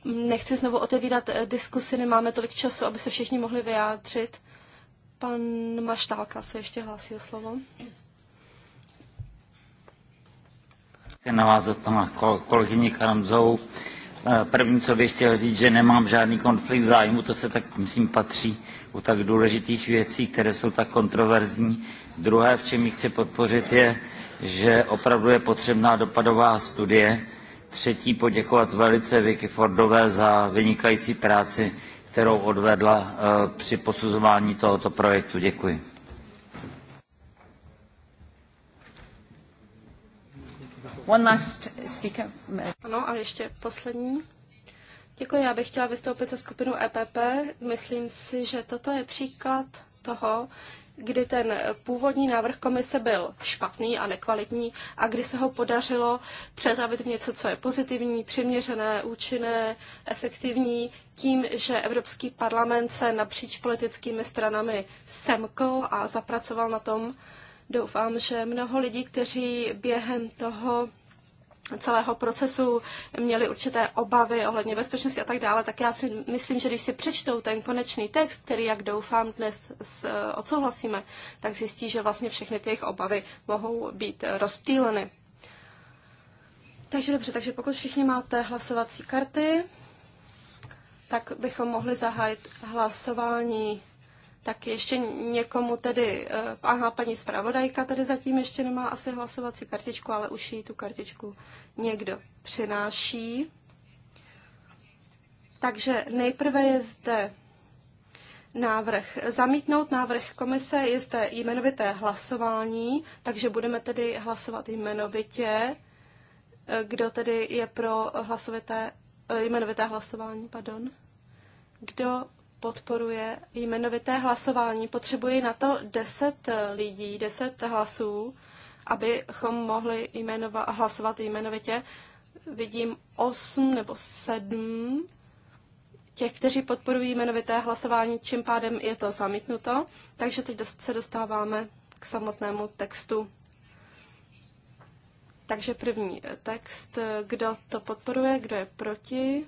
Nechci znovu otevírat eh, diskusy, nemáme tolik času, aby se všichni mohli vyjádřit. Pan Maštálka se ještě hlásí o slovo. Chci navázat na kolegyni Karamzou. Eh, první, co bych chtěl říct, že nemám žádný konflikt zájmu, to se tak, myslím, patří u tak důležitých věcí, které jsou tak kontroverzní. Druhé, v čem chci podpořit, je, že opravdu je potřebná dopadová studie. Třetí, poděkovat velice Vicky Fordové za vynikající práci, kterou odvedla eh, při posuzování tohoto projektu. Děkuji. One last speaker. Ano, a ještě poslední. Děkuji, já bych chtěla vystoupit se skupinou EPP. Myslím si, že toto je příklad toho, kdy ten původní návrh komise byl špatný a nekvalitní a kdy se ho podařilo přetavit v něco, co je pozitivní, přiměřené, účinné, efektivní, tím, že Evropský parlament se napříč politickými stranami semkl a zapracoval na tom, Doufám, že mnoho lidí, kteří během toho celého procesu měli určité obavy ohledně bezpečnosti a tak dále, tak já si myslím, že když si přečtou ten konečný text, který, jak doufám, dnes eh, odsouhlasíme, tak zjistí, že vlastně všechny ty jejich obavy mohou být rozptýleny. Takže dobře, takže pokud všichni máte hlasovací karty, tak bychom mohli zahájit hlasování tak ještě někomu tedy, eh, aha, paní zpravodajka tady zatím ještě nemá asi hlasovací kartičku, ale už jí tu kartičku někdo přináší. Takže nejprve je zde návrh zamítnout návrh komise, je zde jmenovité hlasování, takže budeme tedy hlasovat jmenovitě. Eh, kdo tedy je pro hlasovité, eh, jmenovité hlasování, pardon? Kdo podporuje jmenovité hlasování. Potřebuji na to 10 eh, lidí, 10 hlasů, abychom mohli jmenova, hlasovat jmenovitě. Vidím 8 nebo 7 těch, kteří podporují jmenovité hlasování, čím pádem je to zamítnuto. Takže teď se dostáváme k samotnému textu. Takže první eh, text, eh, kdo to podporuje, kdo je proti.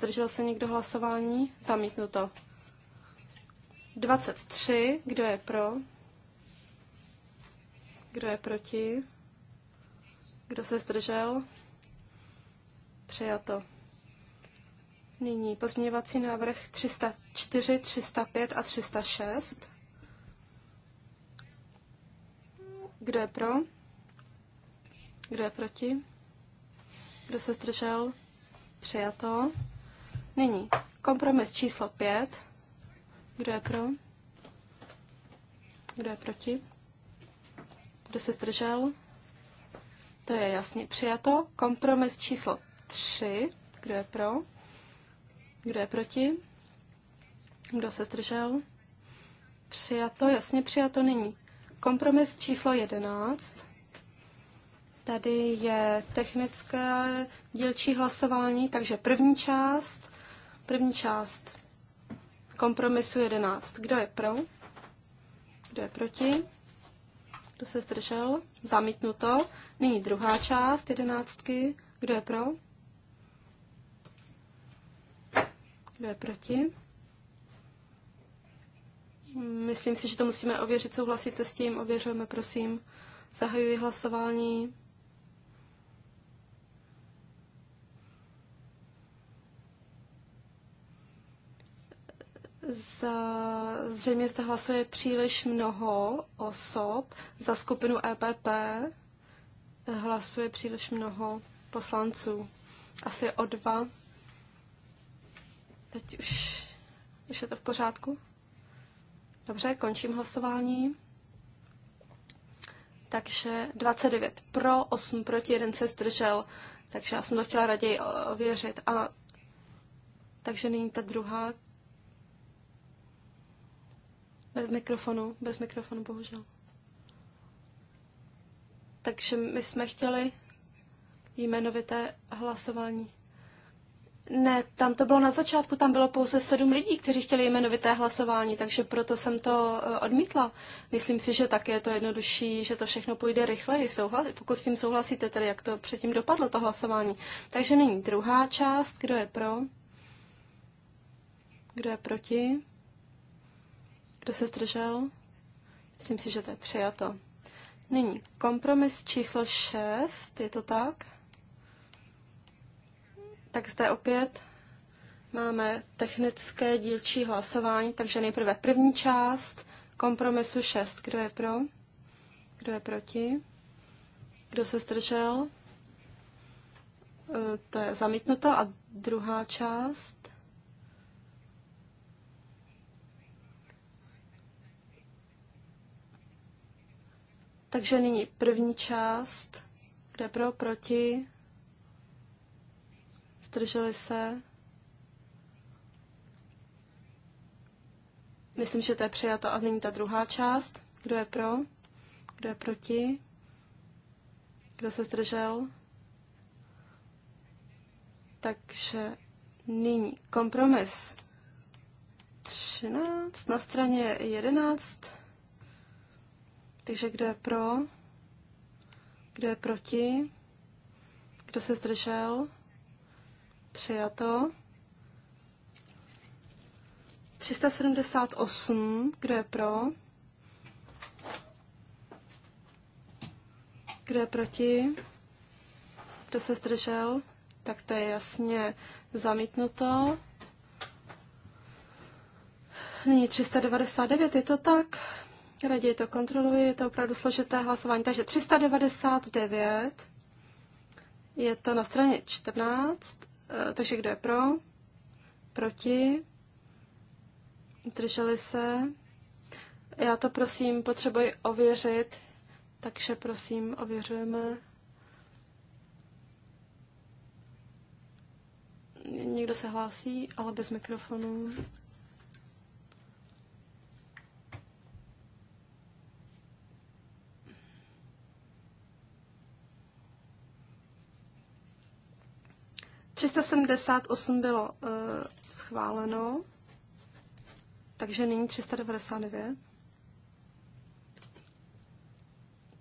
Zdržel se někdo hlasování? Zamítnuto. 23. Kdo je pro? Kdo je proti? Kdo se zdržel? Přijato. Nyní pozměňovací návrh 304, 305 a 306. Kdo je pro? Kdo je proti? Kdo se zdržel? Přijato. Nyní kompromis číslo 5. Kdo je pro? Kdo je proti? Kdo se zdržel? To je jasně přijato. Kompromis číslo 3. Kdo je pro? Kdo je proti? Kdo se zdržel? Přijato, jasně přijato nyní. Kompromis číslo 11. Tady je technické dílčí hlasování, takže první část. První část kompromisu 11. Kdo je pro? Kdo je proti? Kdo se zdržel? Zamítnuto. Nyní druhá část jedenáctky. Kdo je pro? Kdo je proti? Myslím si, že to musíme ověřit. Souhlasíte s tím? Ověřujeme, prosím. Zahajuji hlasování. za, zřejmě zde hlasuje příliš mnoho osob. Za skupinu EPP hlasuje příliš mnoho poslanců. Asi o dva. Teď už, už je to v pořádku. Dobře, končím hlasování. Takže 29 pro, 8 proti, 1 se zdržel. Takže já jsem to chtěla raději ověřit. A takže nyní ta druhá bez mikrofonu, bez mikrofonu, bohužel. Takže my jsme chtěli jmenovité hlasování. Ne, tam to bylo na začátku, tam bylo pouze sedm lidí, kteří chtěli jmenovité hlasování, takže proto jsem to eh, odmítla. Myslím si, že tak je to jednodušší, že to všechno půjde rychleji, souhlas, pokud s tím souhlasíte, tedy jak to předtím dopadlo, to hlasování. Takže nyní druhá část, kdo je pro, kdo je proti, kdo se zdržel? Myslím si, že to je přijato. Nyní kompromis číslo 6, je to tak? Tak zde opět máme technické dílčí hlasování, takže nejprve první část kompromisu 6. Kdo je pro? Kdo je proti? Kdo se zdržel? E, to je zamítnuto. A druhá část. Takže nyní první část, kde pro, proti, zdrželi se. Myslím, že to je přijato a nyní ta druhá část. Kdo je pro? Kdo je proti? Kdo se zdržel? Takže nyní kompromis 13 na straně 11 takže kdo je pro? Kdo je proti? Kdo se zdržel? Přijato. 378. Kdo je pro? Kdo je proti? Kdo se zdržel? Tak to je jasně zamítnuto. Nyní 399, je to tak? Raději to kontroluji, je to opravdu složité hlasování. Takže 399, je to na straně 14, eh, takže kdo je pro, proti, drželi se. Já to prosím potřebuji ověřit, takže prosím ověřujeme. Někdo se hlásí, ale bez mikrofonu. 378 bylo uh, schváleno, takže nyní 399.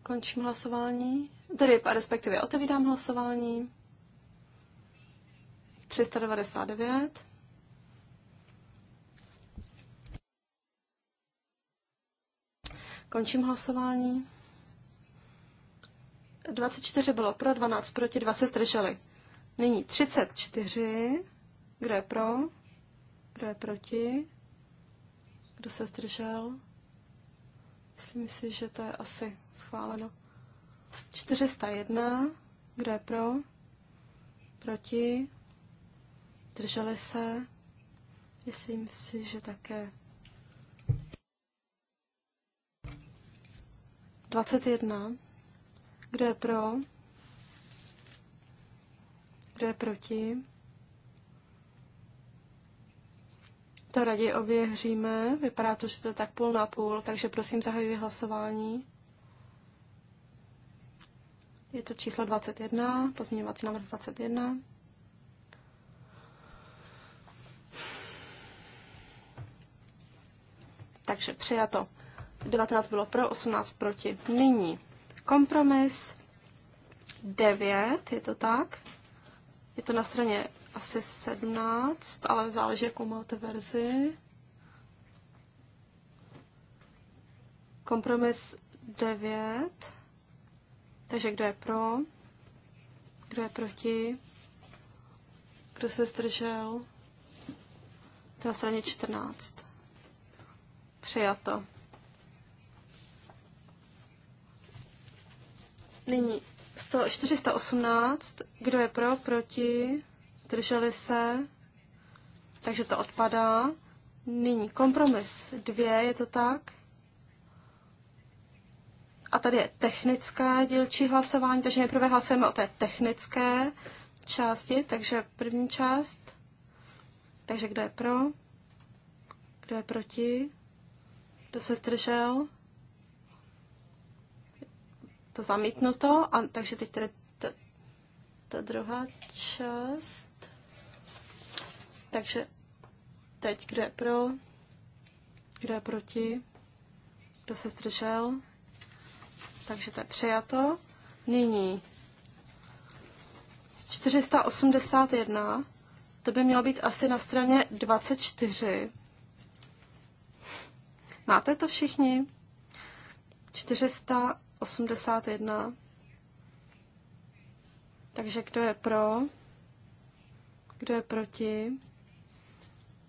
Končím hlasování, tedy respektive otevírám hlasování. 399. Končím hlasování. 24 bylo pro, 12 proti, 2 se zdrželi. Nyní 34. Kdo je pro? Kdo je proti? Kdo se zdržel? Myslím si, že to je asi schváleno. 401. Kdo je pro? Proti? Drželi se? Myslím si, že také. 21. Kdo je pro? Kdo je proti? To raději ověříme. Vypadá to, že to je tak půl na půl, takže prosím zahajuji hlasování. Je to číslo 21, pozměňovací návrh 21. Takže přijato. 19 bylo pro, 18 proti. Nyní kompromis 9, je to tak? Je to na straně asi 17, ale záleží, jakou máte verzi. Kompromis 9. Takže kdo je pro? Kdo je proti? Kdo se zdržel? To je na straně 14. Přijato. Nyní 418, kdo je pro, proti, drželi se, takže to odpadá. Nyní kompromis 2, je to tak? A tady je technické dílčí hlasování, takže nejprve hlasujeme o té technické části, takže první část. Takže kdo je pro? Kdo je proti? Kdo se zdržel? to zamítnuto, a, takže teď tady ta, ta druhá část. Takže teď kdo je pro, kdo je proti, kdo se zdržel, takže to je přijato. Nyní 481, to by mělo být asi na straně 24. Máte to všichni? 400 81. Takže kdo je pro? Kdo je proti?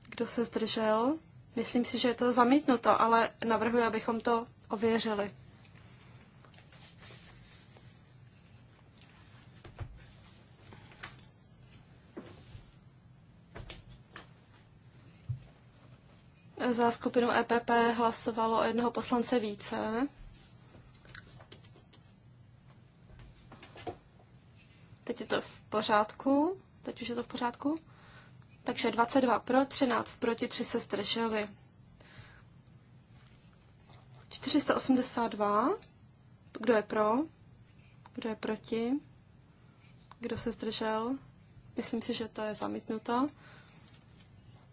Kdo se zdržel? Myslím si, že je to zamítnuto, ale navrhuji, abychom to ověřili. Za skupinu EPP hlasovalo jednoho poslance více. pořádku. Teď už je to v pořádku. Takže 22 pro, 13 proti, 3 se zdrželi. 482. Kdo je pro? Kdo je proti? Kdo se zdržel? Myslím si, že to je zamítnuto.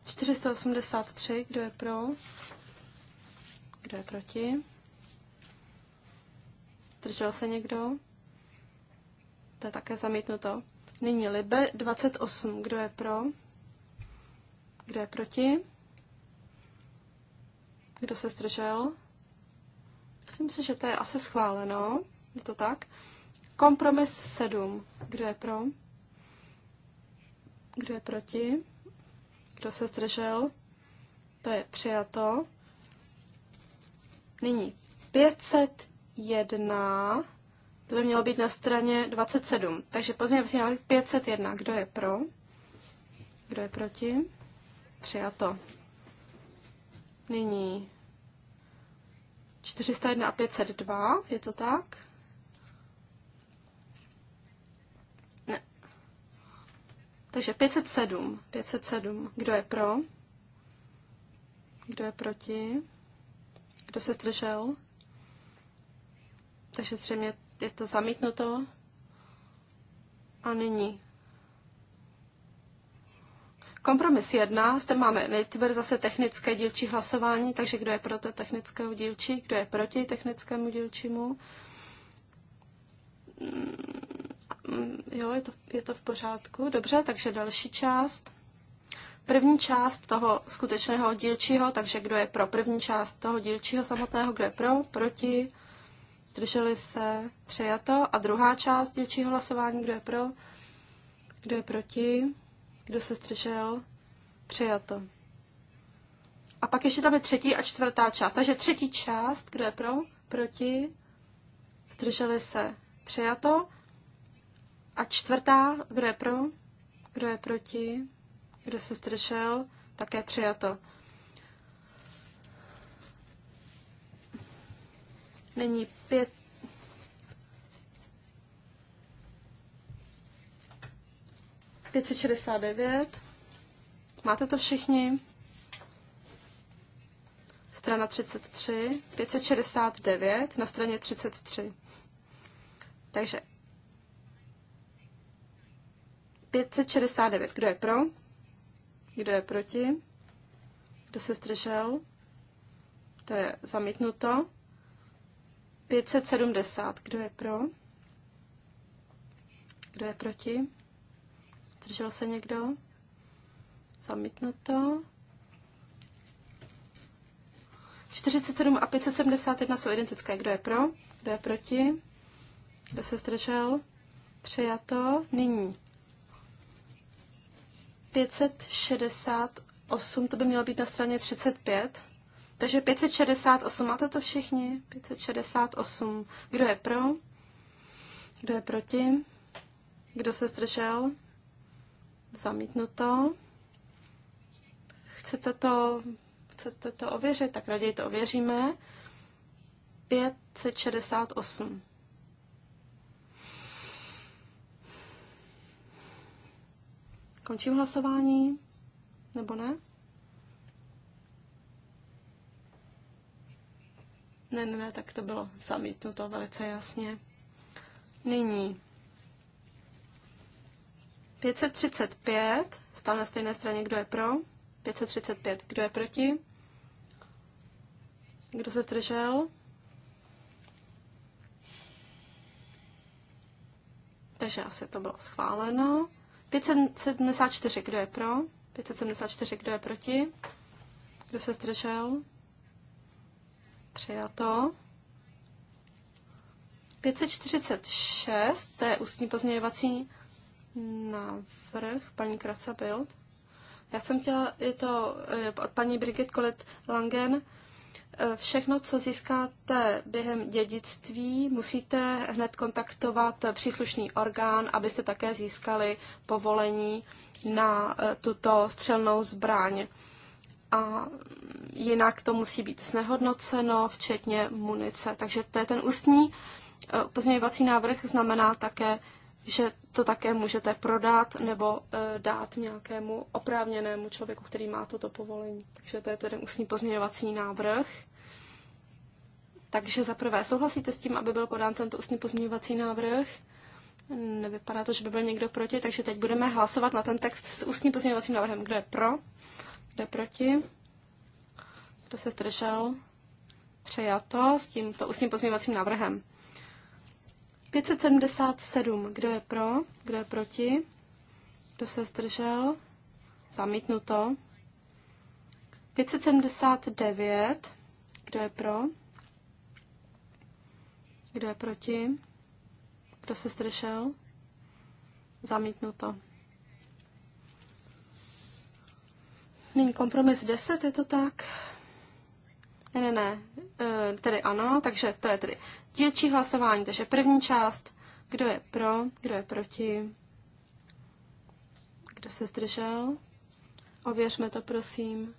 483. Kdo je pro? Kdo je proti? Zdržel se někdo? To je také zamítnuto. Nyní Libe 28. Kdo je pro? Kdo je proti? Kdo se zdržel? Myslím si, že to je asi schváleno. Je to tak? Kompromis 7. Kdo je pro? Kdo je proti? Kdo se zdržel? To je přijato. Nyní 501 to by mělo být na straně 27. Takže pozměňovací návrh 501. Kdo je pro? Kdo je proti? Přijato. Nyní 401 a 502, je to tak? Ne. Takže 507, 507. Kdo je pro? Kdo je proti? Kdo se zdržel? Takže zřejmě je to zamítnuto. A nyní Kompromis 1, zde máme nejprve zase technické dílčí hlasování, takže kdo je pro to technického dílčí, kdo je proti technickému dílčímu. Mm, jo, je to, je to v pořádku. Dobře, takže další část. První část toho skutečného dílčího, takže kdo je pro první část toho dílčího samotného, kdo je pro, proti, Zdrželi se? Přijato. A druhá část dílčího hlasování, kdo je pro? Kdo je proti? Kdo se zdržel? Přijato. A pak ještě tam je třetí a čtvrtá část. Takže třetí část, kdo je pro? Proti? Zdrželi se? Přijato. A čtvrtá, kdo je pro? Kdo je proti? Kdo se zdržel? Také přijato. Není pět. Pět Máte to všichni? Strana 33, 569 na straně 33. Takže 569. Kdo je pro? Kdo je proti? Kdo se zdržel? To je zamítnuto. 570. Kdo je pro? Kdo je proti? Zdržel se někdo? Zamítnuto. 47 a 571 jsou identické. Kdo je pro? Kdo je proti? Kdo se zdržel? Přijato. Nyní 568, to by mělo být na straně 35. Takže 568, máte to všichni? 568. Kdo je pro? Kdo je proti? Kdo se zdržel? Zamítnuto. Chcete to, chcete to ověřit? Tak raději to ověříme. 568. Končím hlasování? Nebo ne? Ne, ne, ne, tak to bylo zamítnuto velice jasně. Nyní 535, stál na stejné straně, kdo je pro? 535, kdo je proti? Kdo se zdržel? Takže asi to bylo schváleno. 574, kdo je pro? 574, kdo je proti? Kdo se zdržel? Přijato. 546, to je ústní pozměňovací návrh, paní Kraca Bild. Já jsem chtěla, je to eh, od paní Brigitte Kolit Langen, eh, Všechno, co získáte během dědictví, musíte hned kontaktovat příslušný orgán, abyste také získali povolení na eh, tuto střelnou zbraň a jinak to musí být znehodnoceno, včetně munice. Takže to je ten ústní eh, pozměňovací návrh, znamená také, že to také můžete prodat nebo eh, dát nějakému oprávněnému člověku, který má toto povolení. Takže to je ten ústní pozměňovací návrh. Takže za prvé, souhlasíte s tím, aby byl podán tento ústní pozměňovací návrh? Nevypadá to, že by byl někdo proti, takže teď budeme hlasovat na ten text s ústním pozměňovacím návrhem. Kdo je pro? jde proti? Kdo se zdržel? Přejato s tímto ústním pozměňovacím návrhem. 577. Kdo je pro? Kdo je proti? Kdo se zdržel? Zamítnuto. 579. Kdo je pro? Kdo je proti? Kdo se zdržel? Zamítnuto. Nyní kompromis 10, je to tak? Ne, ne, ne, e, tedy ano, takže to je tedy dílčí hlasování, takže první část, kdo je pro, kdo je proti, kdo se zdržel, ověřme to, prosím.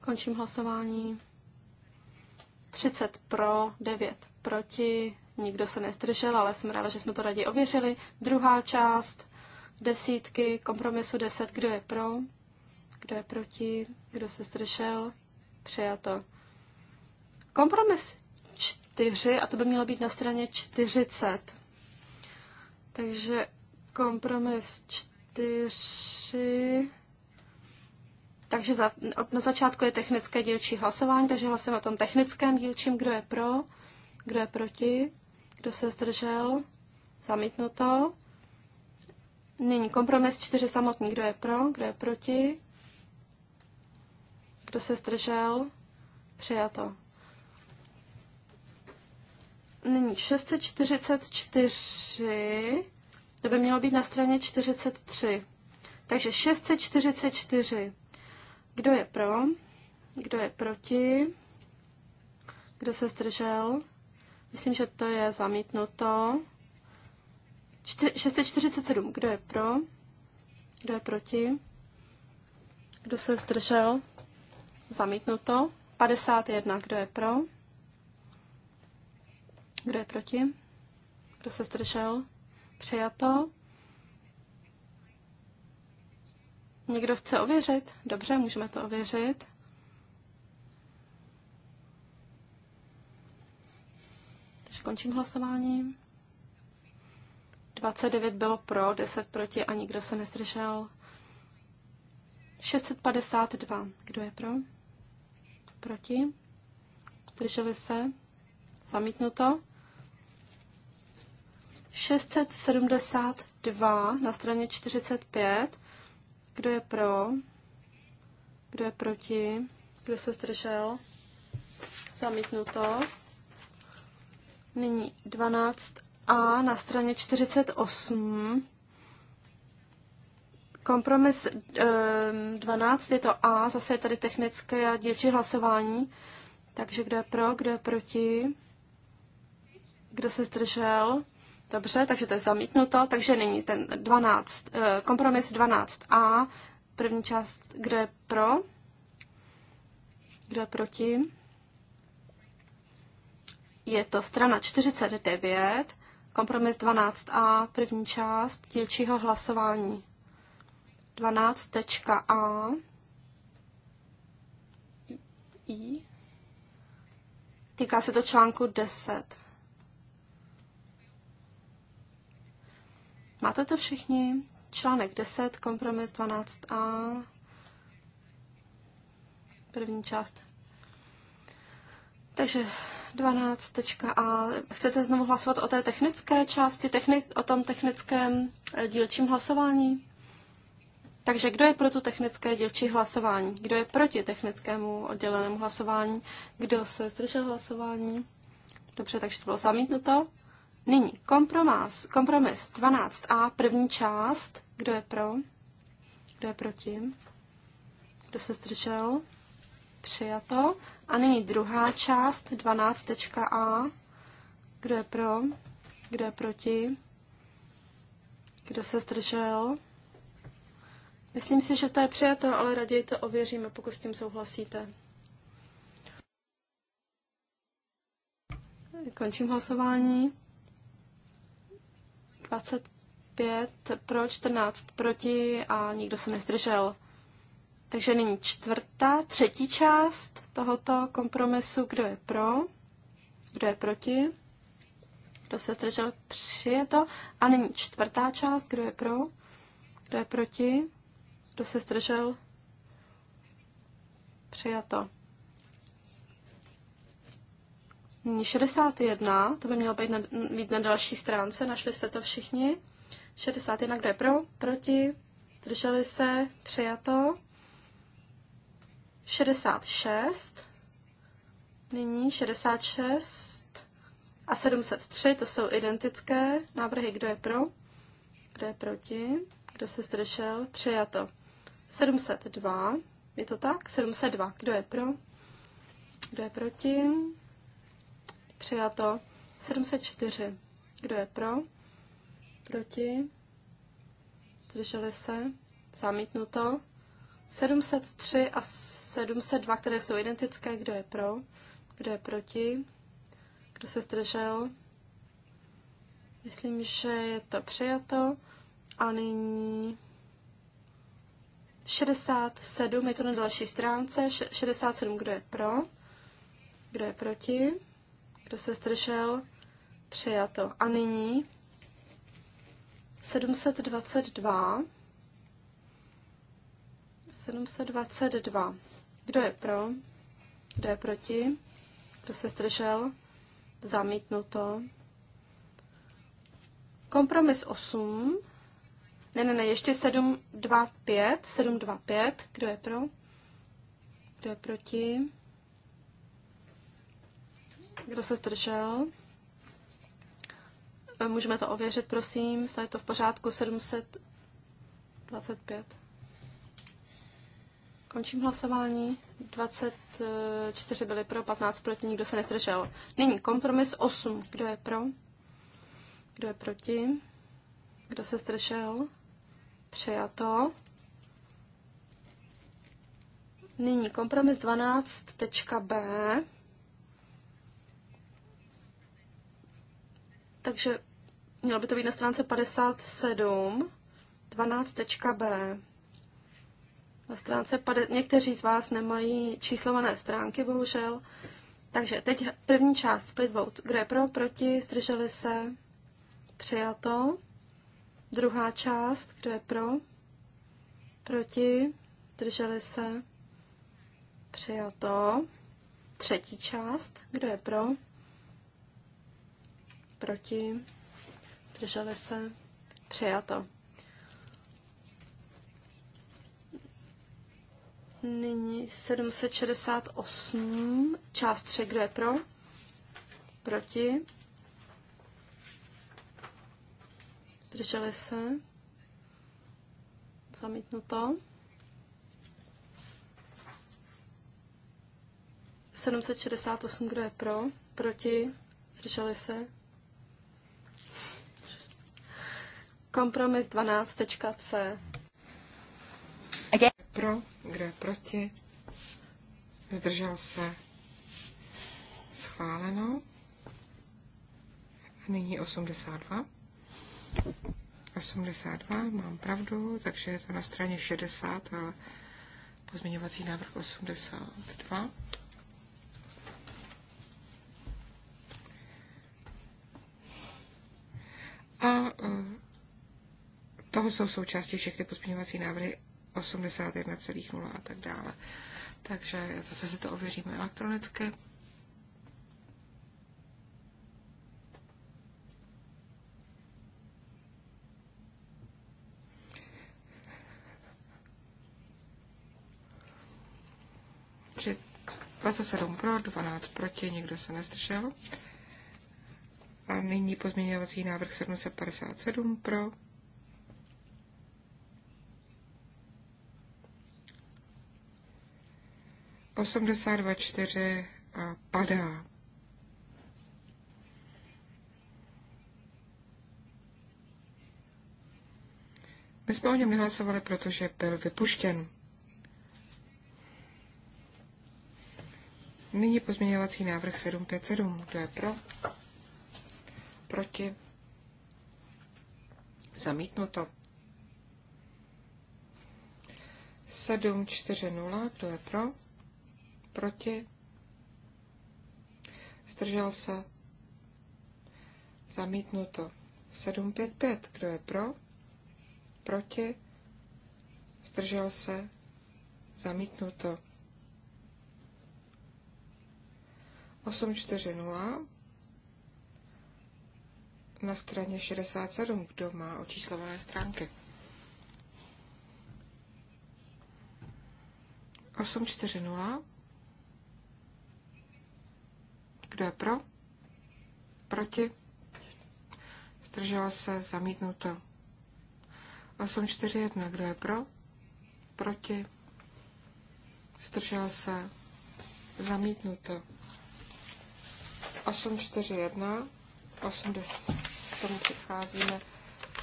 Končím hlasování. 30 pro, 9 proti, nikdo se nezdržel, ale jsem ráda, že jsme to raději ověřili. Druhá část, desítky, kompromisu deset kdo je pro, kdo je proti, kdo se zdržel, přijato. Kompromis čtyři a to by mělo být na straně 40. Takže kompromis čtyři Takže za, na začátku je technické dílčí hlasování, takže hlasujeme o tom technickém dílčím, kdo je pro, kdo je proti, kdo se zdržel, zamítnuto. Nyní kompromis čtyři, samotní. Kdo je pro, kdo je proti? Kdo se zdržel? Přijato. Nyní 644. To by mělo být na straně 43. Takže 644. Kdo je pro? Kdo je proti? Kdo se zdržel? Myslím, že to je zamítnuto. 647. Kdo je pro? Kdo je proti? Kdo se zdržel? Zamítnuto. 51. Kdo je pro? Kdo je proti? Kdo se zdržel? Přijato. Někdo chce ověřit? Dobře, můžeme to ověřit. Takže končím hlasování. 29 bylo pro, 10 proti a nikdo se nezdržel. 652. Kdo je pro? Proti? Zdrželi se? Zamítnuto? 672 na straně 45. Kdo je pro? Kdo je proti? Kdo se zdržel? Zamítnuto. Nyní 12 a na straně 48 kompromis e, ehm, 12 je to A, zase je tady technické a dílčí hlasování. Takže kdo je pro, kdo je proti, kdo se zdržel. Dobře, takže to je zamítnuto. Takže nyní ten 12, e, eh, kompromis 12a, první část, kdo je pro, kdo je proti. Je to strana 49. Kompromis 12a, první část dílčího hlasování. 12.a i. Týká se to článku 10. Máte to všichni? Článek 10, kompromis 12a, první část takže 12. A Chcete znovu hlasovat o té technické části, techni- o tom technickém eh, dílčím hlasování? Takže kdo je pro tu technické dílčí hlasování? Kdo je proti technickému oddělenému hlasování? Kdo se zdržel hlasování? Dobře, takže to bylo zamítnuto. Nyní kompromis, kompromis 12a, první část. Kdo je pro? Kdo je proti? Kdo se zdržel? Přijato. A nyní druhá část, 12.a. Kdo je pro? Kdo je proti? Kdo se zdržel? Myslím si, že to je přijato, ale raději to ověříme, pokud s tím souhlasíte. Končím hlasování. 25 pro, 14 proti a nikdo se nezdržel. Takže nyní čtvrtá, třetí část tohoto kompromisu, kdo je pro, kdo je proti, kdo se zdržel, to. A nyní čtvrtá část, kdo je pro, kdo je proti, kdo se zdržel, přijato. Nyní 61, to by mělo být na, být na další stránce, našli jste to všichni. 61, kdo je pro, proti, zdrželi se, přijato. 66, nyní 66 a 703, to jsou identické návrhy, kdo je pro, kdo je proti, kdo se zdržel, přijato. 702, je to tak? 702, kdo je pro, kdo je proti, přijato. 704, kdo je pro, proti, zdrželi se, zamítnuto. 703 a 702, které jsou identické, kdo je pro, kdo je proti, kdo se zdržel. Myslím, že je to přijato. A nyní 67, je to na další stránce, 67, kdo je pro, kdo je proti, kdo se zdržel, přijato. A nyní 722, 722. Kdo je pro? Kdo je proti? Kdo se zdržel? Zamítnuto. Kompromis 8. Ne, ne, ne, ještě 725. 725. Kdo je pro? Kdo je proti? Kdo se zdržel? Můžeme to ověřit, prosím. Zda je to v pořádku 725. Končím hlasování. 24 eh, byly pro, 15 proti, nikdo se nezdržel. Nyní kompromis 8. Kdo je pro? Kdo je proti? Kdo se zdržel? Přijato. Nyní kompromis 12.b. Takže mělo by to být na stránce 57. 12.b na stránce, pade, někteří z vás nemají číslované stránky, bohužel. Takže teď první část, split vote. Kdo je pro, proti, zdrželi se, přijato. Druhá část, kdo je pro, proti, zdrželi se, přijato. Třetí část, kdo je pro, proti, zdrželi se, přijato. Nyní 768, část 3, kdo je pro? Proti? Drželi se? Zamítnuto. 768, kdo je pro? Proti? Drželi se? Kompromis 12.c pro, kdo je proti, zdržel se schváleno. A nyní 82. 82, mám pravdu, takže je to na straně 60, ale pozměňovací návrh 82. A eh, toho jsou součástí všechny pozměňovací návrhy 81,0 a tak dále. Takže zase si to ověříme elektronicky. Tři, 27 pro, 12 proti, nikdo se nestršel. A nyní pozměňovací návrh 757 pro, 82.4 padá. My jsme o něm nehlasovali, protože byl vypuštěn. Nyní pozměňovací návrh 757. Kdo je pro? Proti? Zamítnuto. 740. Kdo je pro? proti, zdržel se, zamítnuto. 755, kdo je pro, proti, zdržel se, zamítnuto. 840 na straně 67, kdo má očíslované stránky. 840 kdo je pro? Proti? Zdržela se zamítnuto. 841. Kdo je pro? Proti? Zdržela se zamítnuto. 841. 80, tomu přicházíme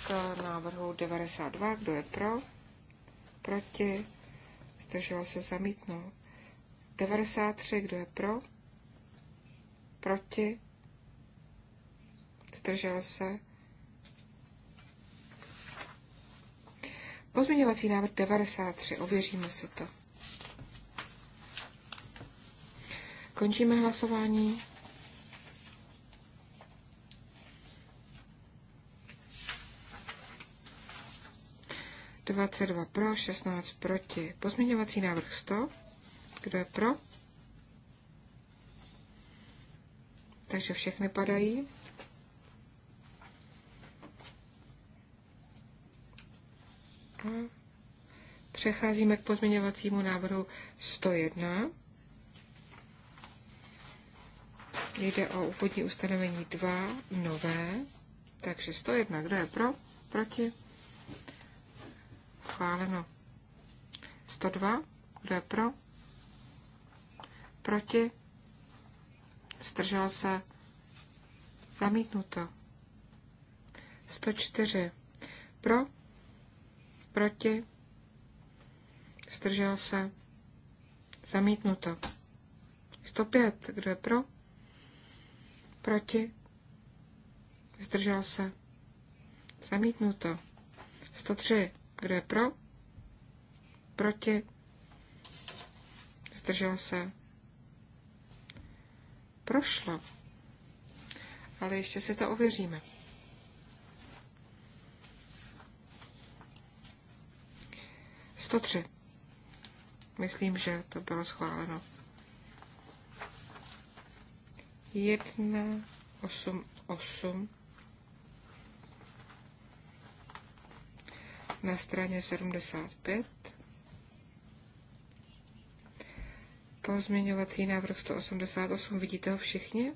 k návrhu 92. Kdo je pro? Proti? Zdržela se zamítnout. 93. Kdo je pro? proti, zdržel se. Pozměňovací návrh 93, ověříme si to. Končíme hlasování. Dvacet dva pro, šestnáct proti. Pozměňovací návrh sto. Kdo je pro? takže všechny padají. A přecházíme k pozměňovacímu návrhu 101. Jde o úvodní ustanovení 2, nové. Takže 101, kdo je pro? Proti? Schváleno. 102, kdo je pro? Proti? zdržel se, zamítnuto. 104 pro, proti, zdržel se, zamítnuto. 105, kdo je pro, proti, zdržel se, zamítnuto. 103, kdo je pro, proti, zdržel se, prošla. Ale ještě si to ověříme. Sto tři. Myslím, že to bylo schváleno. Jedna, osm, osm. Na straně 75. Pozměňovací návrh 188, vidíte ho všichni?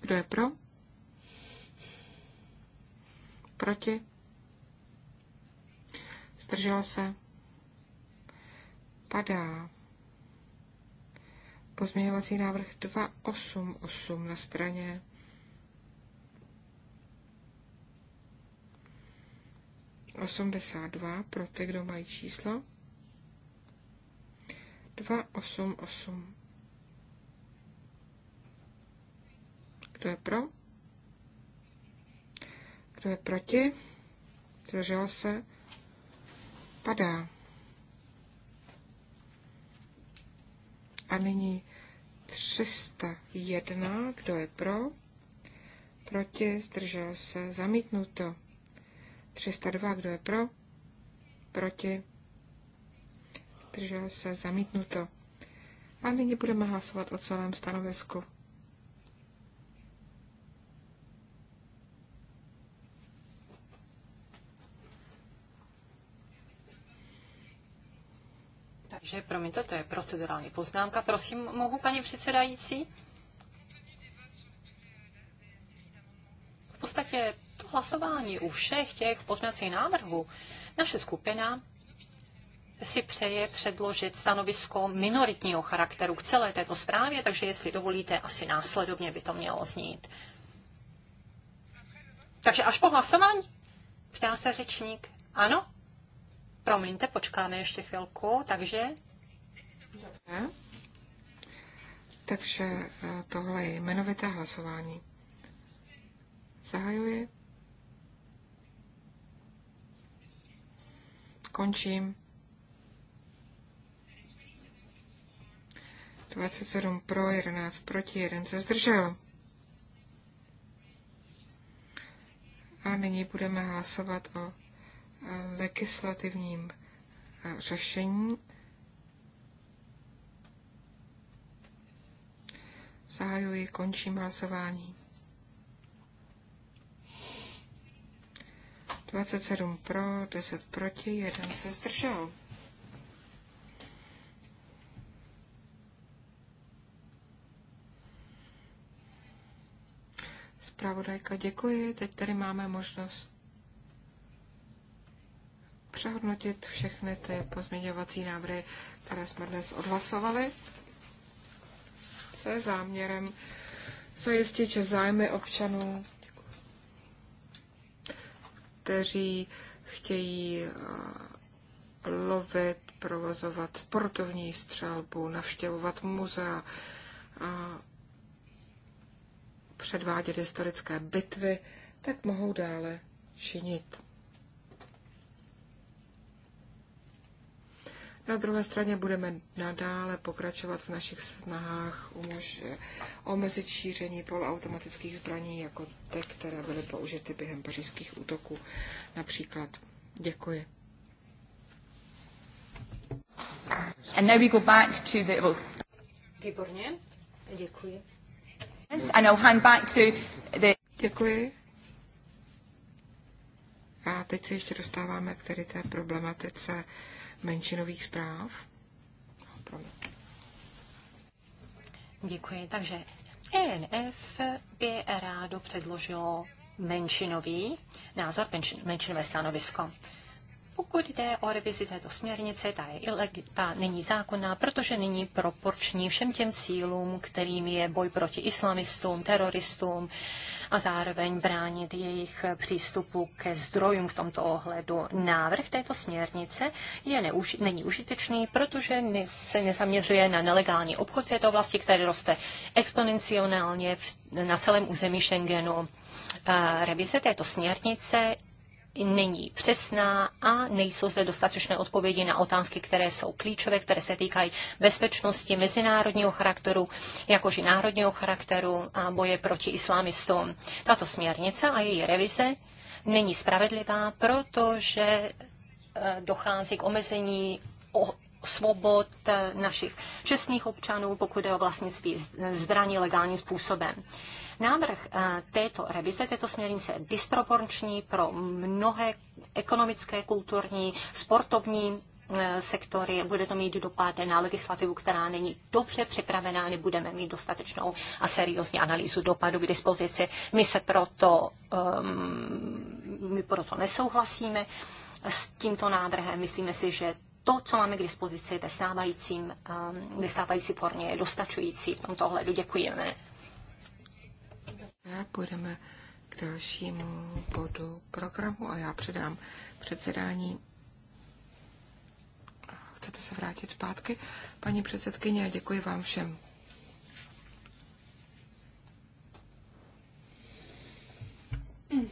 Kdo je pro? Proti? Zdržel se? Padá. Pozměňovací návrh 288 na straně 82 pro ty, kdo mají číslo. 288. Kdo je pro? Kdo je proti? Zdržel se? Padá. A nyní 301. Kdo je pro? Proti? Zdržel se? Zamítnuto. 302, kdo je pro, proti, zdržel se, zamítnuto. A nyní budeme hlasovat o celém stanovisku. Takže, promiňte, to je procedurální poznámka. Prosím, mohu, paní předsedající? u všech těch pozměňovacích návrhů. Naše skupina si přeje předložit stanovisko minoritního charakteru k celé této zprávě, takže jestli dovolíte, asi následovně by to mělo znít. Takže až po hlasování? Ptá se řečník. Ano? Promiňte, počkáme ještě chvilku, takže... Dobře. Takže eh, tohle je jmenovité hlasování. Zahajuji. končím. 27 pro, 11 proti, 1 se zdržel. A nyní budeme hlasovat o eh, legislativním eh, řešení. Zahajuji, končím hlasování. 27 pro, 10 proti, 1 se zdržel. Zpravodajka, děkuji. Teď tady máme možnost přehodnotit všechny ty pozměňovací návrhy, které jsme dnes odhlasovali se záměrem zajistit, že zájmy občanů kteří chtějí eh, lovit, provozovat sportovní střelbu, navštěvovat muzea, eh, předvádět historické bitvy, tak mohou dále činit. Na druhé straně budeme nadále pokračovat v našich snahách umož, eh, omezit šíření poloautomatických zbraní, jako te, které byly použity během pařížských útoků například. Děkuji. And now we go back to the... Well. Výborně, děkuji. And I'll hand back to the... Děkuji. A teď se ještě dostáváme k tady té problematice menšinových zpráv. Děkuji. Takže ENF by rádo předložilo menšinový názor, menšinové stanovisko. Pokud jde o revizi této směrnice, ta, je ileg- ta není zákonná, protože není proporční všem těm cílům, kterým je boj proti islamistům, teroristům a zároveň bránit jejich přístupu ke zdrojům v tomto ohledu. Návrh této směrnice je neuž- není užitečný, protože ne- se nezaměřuje na nelegální obchod této oblasti, který roste exponenciálně na celém území Schengenu. Eh, revize této směrnice není přesná a nejsou zde dostatečné odpovědi na otázky, které jsou klíčové, které se týkají bezpečnosti mezinárodního charakteru, jakož i národního charakteru a boje proti islámistům. Tato směrnice a její revize není spravedlivá, protože eh, dochází k omezení svobod eh, našich čestných občanů, pokud je o vlastnictví zbraní legálním způsobem. Návrh eh, této revize, této směrnice je disproporční pro mnohé ekonomické, kulturní, sportovní eh, sektory, bude to mít dopad na legislativu, která není dobře připravená, nebudeme mít dostatečnou a seriózní analýzu dopadu k dispozici. My se proto, um, my proto nesouhlasíme s tímto návrhem. Myslíme si, že to, co máme k dispozici ve, stávajícím, ehm, ve stávající formě, je dostačující v tomto ohledu. Děkujeme. A půjdeme k dalšímu bodu programu a já předám předsedání. Chcete se vrátit zpátky? Paní předsedkyně, děkuji vám všem. Mm.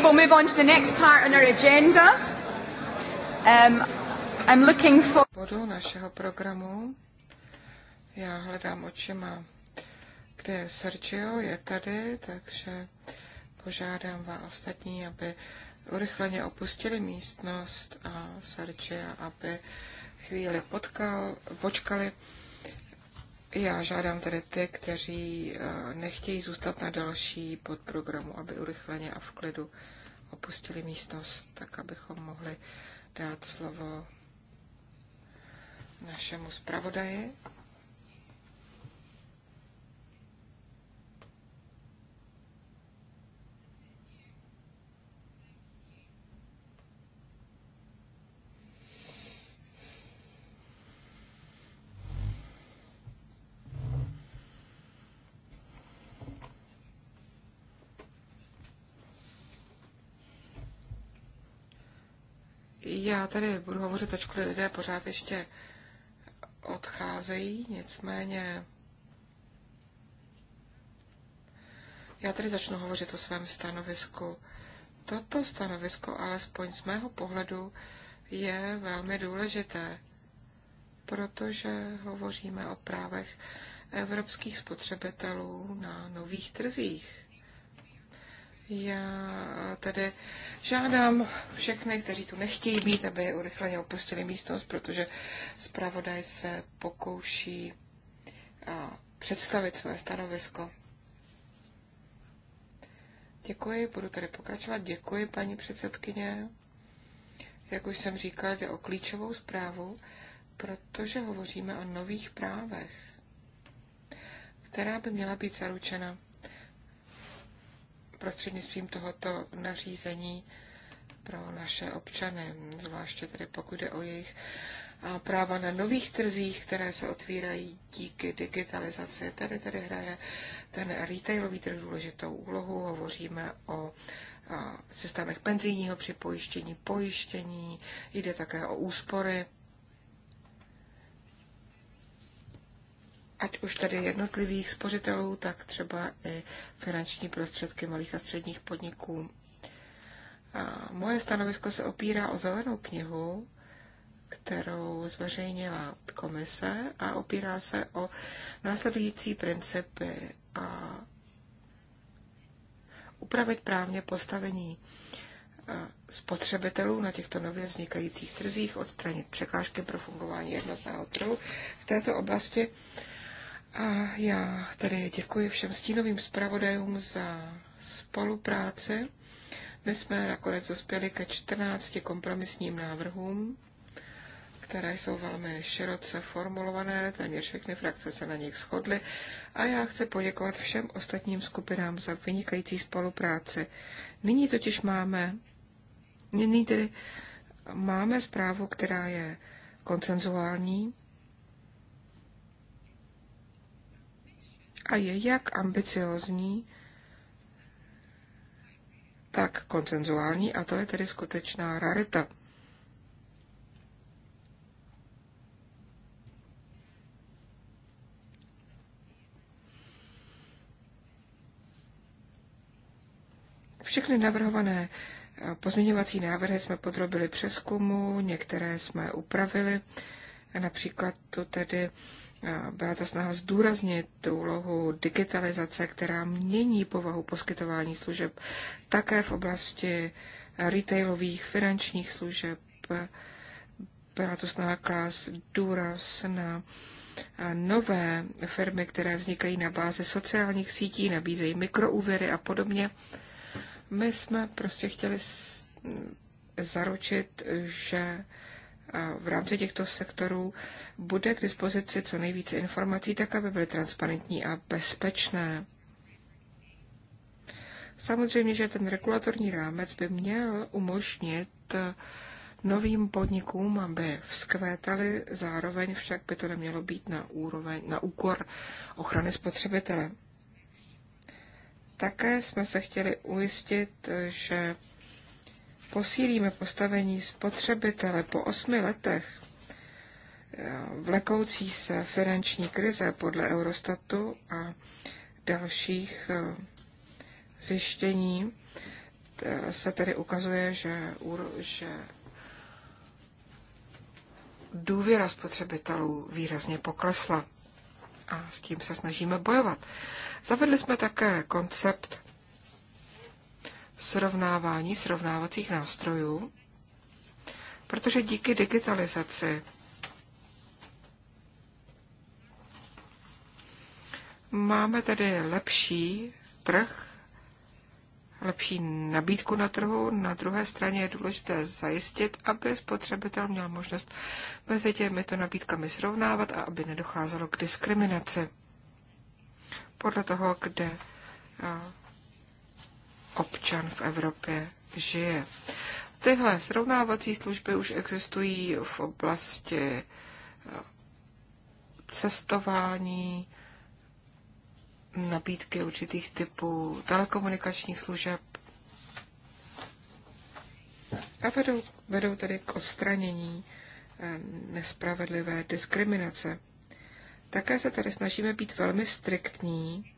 Okay, we'll move on to the next part on our agenda. Um, I'm looking for... Bodu našeho programu. Já hledám očima, kde je Sergio, je tady, takže požádám vás ostatní, aby urychleně opustili místnost a Sergio, aby chvíli potkal, počkali. Já žádám tedy ty, kteří eh, nechtějí zůstat na další podprogramu, aby urychleně a v klidu opustili místnost, tak abychom mohli dát slovo našemu zpravodaji. Já tady budu hovořit, ačkoliv lidé pořád ještě odcházejí, nicméně já tady začnu hovořit o svém stanovisku. Toto stanovisko, alespoň z mého pohledu, je velmi důležité, protože hovoříme o právech evropských spotřebitelů na nových trzích. Já tedy žádám všechny, kteří tu nechtějí být, aby urychleně opustili místnost, protože zpravodaj se pokouší představit své stanovisko. Děkuji, budu tady pokračovat. Děkuji, paní předsedkyně. Jak už jsem říkal, jde o klíčovou zprávu, protože hovoříme o nových právech, která by měla být zaručena prostřednictvím tohoto nařízení pro naše občany, zvláště tedy pokud jde o jejich práva na nových trzích, které se otvírají díky digitalizaci. Tady tady hraje ten retailový trh důležitou úlohu. Hovoříme o systémech penzijního připojištění, pojištění, jde také o úspory ať už tady jednotlivých spořitelů, tak třeba i finanční prostředky malých a středních podniků. A moje stanovisko se opírá o zelenou knihu, kterou zveřejnila komise a opírá se o následující principy a upravit právně postavení spotřebitelů na těchto nově vznikajících trzích, odstranit překážky pro fungování jednotného trhu v této oblasti a já tady děkuji všem stínovým zpravodajům za spolupráci. My jsme nakonec dospěli ke 14 kompromisním návrhům, které jsou velmi široce formulované, téměř všechny frakce se na nich shodly a já chci poděkovat všem ostatním skupinám za vynikající spolupráci. Nyní totiž máme, nyní tedy máme zprávu, která je koncenzuální, a je jak ambiciozní, tak koncenzuální a to je tedy skutečná rarita. Všechny navrhované eh, pozměňovací návrhy jsme podrobili přeskumu, některé jsme upravili, například tu tedy byla ta snaha zdůraznit tu úlohu digitalizace, která mění povahu poskytování služeb také v oblasti retailových finančních služeb. Byla tu snaha klást důraz na nové firmy, které vznikají na bázi sociálních sítí, nabízejí mikroúvěry a podobně. My jsme prostě chtěli zaručit, že v rámci těchto sektorů bude k dispozici co nejvíce informací, tak aby byly transparentní a bezpečné. Samozřejmě, že ten regulatorní rámec by měl umožnit novým podnikům, aby vzkvétali, zároveň však by to nemělo být na, úroveň, na úkor ochrany spotřebitele. Také jsme se chtěli ujistit, že posílíme postavení spotřebitele po osmi letech eh, vlekoucí se finanční krize podle Eurostatu a dalších eh, zjištění, eh, se tedy ukazuje, že, že důvěra spotřebitelů výrazně poklesla a s tím se snažíme bojovat. Zavedli jsme také koncept srovnávání srovnávacích nástrojů, protože díky digitalizaci máme tedy lepší trh, lepší nabídku na trhu. Na druhé straně je důležité zajistit, aby spotřebitel měl možnost mezi těmito nabídkami srovnávat a aby nedocházelo k diskriminaci podle toho, kde občan v Evropě žije. Tyhle srovnávací služby už existují v oblasti eh, cestování, nabídky určitých typů telekomunikačních služeb a vedou, vedou tedy k odstranění eh, nespravedlivé diskriminace. Také se tady snažíme být velmi striktní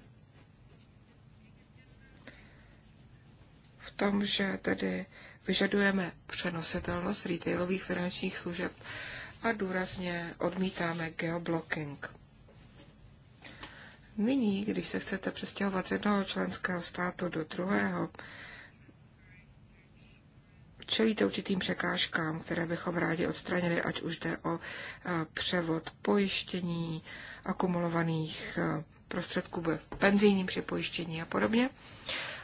tom, že tedy vyžadujeme přenositelnost retailových finančních služeb a důrazně odmítáme geoblocking. Nyní, když se chcete přestěhovat z jednoho členského státu do druhého, čelíte určitým překážkám, které bychom rádi odstranili, ať už jde o eh, převod pojištění, akumulovaných eh, prostředků v penzijním připojištění a podobně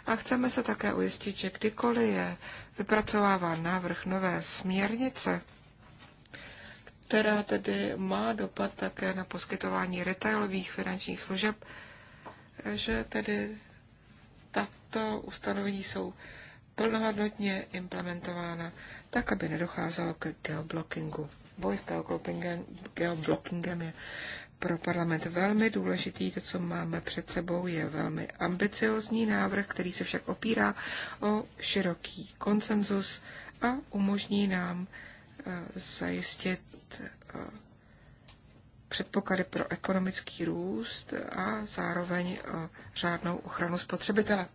a chceme se také ujistit, že kdykoliv je vypracováván návrh nové směrnice, která tedy má dopad také na poskytování retailových finančních služeb, že tedy tato ustanovení jsou plnohodnotně implementována, tak, aby nedocházelo k geoblockingu. Boj s geoblockingem, je pro parlament velmi důležitý. To, co máme před sebou, je velmi ambiciozní návrh, který se však opírá o široký konsenzus a umožní nám eh, zajistit eh, předpoklady pro ekonomický růst a zároveň eh, řádnou ochranu spotřebitele.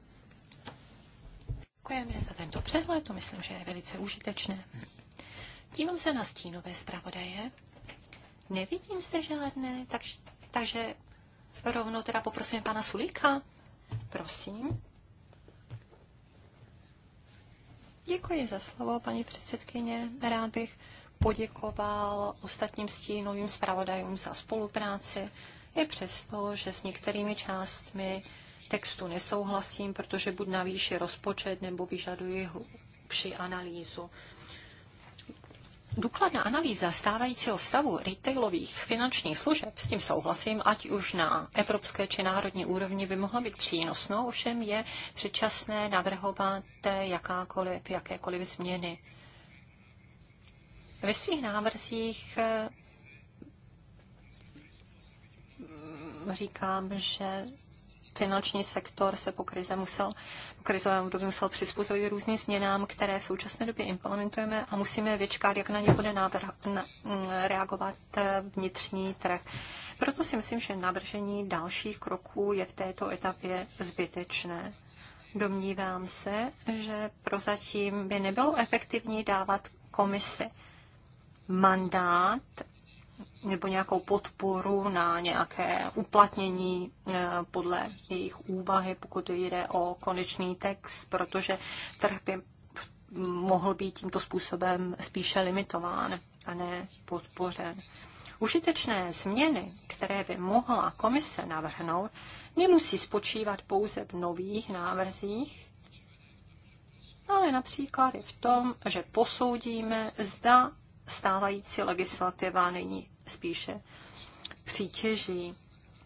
Děkujeme za tento přehled, to myslím, že je velice užitečné. Dívám se na stínové zpravodaje Nevidím zde žádné, tak, takže rovnou teda poprosím pana Sulíka. Prosím. Děkuji za slovo, paní předsedkyně. Rád bych poděkoval ostatním stínovým zpravodajům za spolupráci, i přesto, že s některými částmi textu nesouhlasím, protože buď navýši rozpočet nebo vyžaduji hlubší analýzu důkladná analýza stávajícího stavu retailových finančních služeb, s tím souhlasím, ať už na evropské či národní úrovni by mohla být přínosnou, ovšem je předčasné navrhovat jakákoliv, jakékoliv změny. Ve svých návrzích eh, říkám, že finanční sektor se po krize musel, po krizovém období musel přizpůsobit různým změnám, které v současné době implementujeme a musíme vyčkat, jak na ně bude návrh, na, mm, reagovat eh, vnitřní trh. Proto si myslím, že navržení dalších kroků je v této etapě zbytečné. Domnívám se, že prozatím by nebylo efektivní dávat komisi mandát nebo nějakou podporu na nějaké uplatnění eh, podle jejich úvahy, pokud jde o konečný text, protože trh by mohl být tímto způsobem spíše limitován a ne podpořen. Užitečné změny, které by mohla komise navrhnout, nemusí spočívat pouze v nových návrzích, ale například i v tom, že posoudíme, zda stávající legislativa není spíše přítěží.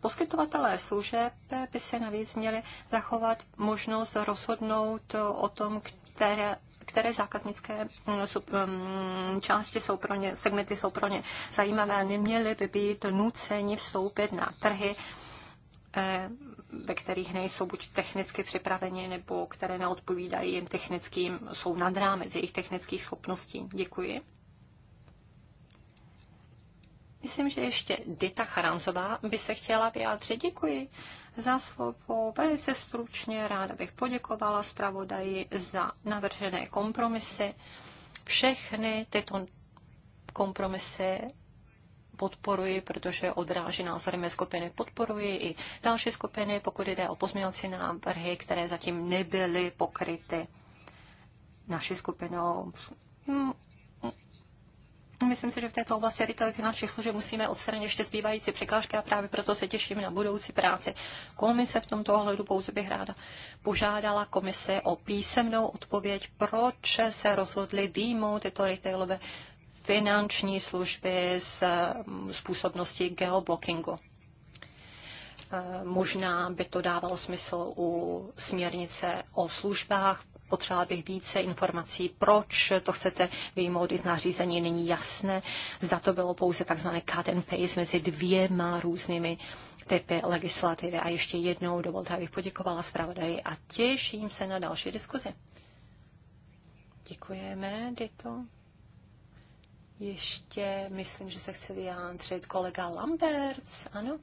Poskytovatelé služeb by se navíc měli zachovat možnost rozhodnout o tom, které, které zákaznické mm, mm, části jsou pro ně, segmenty jsou pro ně zajímavé a by být nuceni vstoupit na trhy, eh, ve kterých nejsou buď technicky připraveni, nebo které neodpovídají jim technickým, jsou nad rámec jejich technických schopností. Děkuji. Myslím, že ještě Dita Charanzová by se chtěla vyjádřit. Děkuji za slovo. Velice stručně ráda bych poděkovala zpravodaji za navržené kompromisy. Všechny tyto kompromisy podporuji, protože odráží názory mé skupiny. Podporuji i další skupiny, pokud jde o pozměňovací návrhy, které zatím nebyly pokryty naší skupinou. Myslím si, že v této oblasti retail finančních služeb musíme odstranit ještě zbývající překážky a právě proto se těším na budoucí práci. Komise v tomto ohledu pouze bych ráda požádala komise o písemnou odpověď, proč se rozhodli výjmout tyto retailové finanční služby z mm, způsobnosti geoblockingu. E, možná by to dávalo smysl u směrnice o službách, potřebovala bych více informací, proč to chcete vyjmout i z nařízení, není jasné. Zda to bylo pouze takzvané cut and paste mezi dvěma různými typy legislativy. A ještě jednou dovolte, abych poděkovala zpravodaji a těším se na další diskuzi. Děkujeme, Dito. Ještě myslím, že se chce vyjádřit kolega Lamberts. Ano?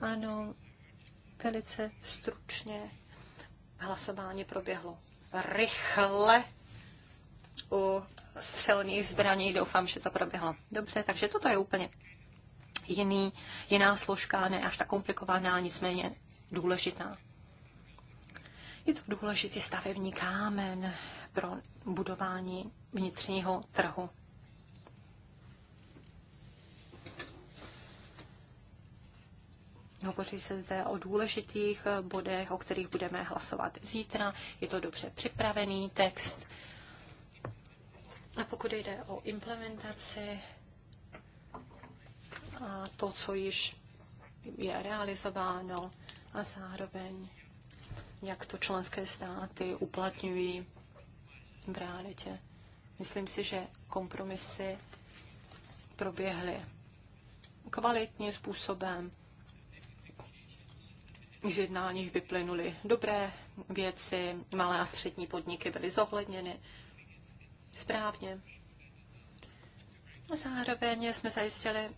Ano, velice stručně hlasování proběhlo rychle u střelných zbraní. Doufám, že to proběhlo dobře. Takže toto je úplně jiný, jiná složka, ne až tak komplikovaná, nicméně důležitá. Je to důležitý stavební kámen pro budování vnitřního trhu Hovoří se zde o důležitých eh, bodech, o kterých budeme hlasovat zítra. Je to dobře připravený text. A pokud jde o implementaci a to, co již je realizováno a zároveň, jak to členské státy uplatňují v realitě. Myslím si, že kompromisy proběhly kvalitním způsobem z jednání vyplynuly dobré věci, malé a střední podniky byly zohledněny správně. Zároveň jsme zajistili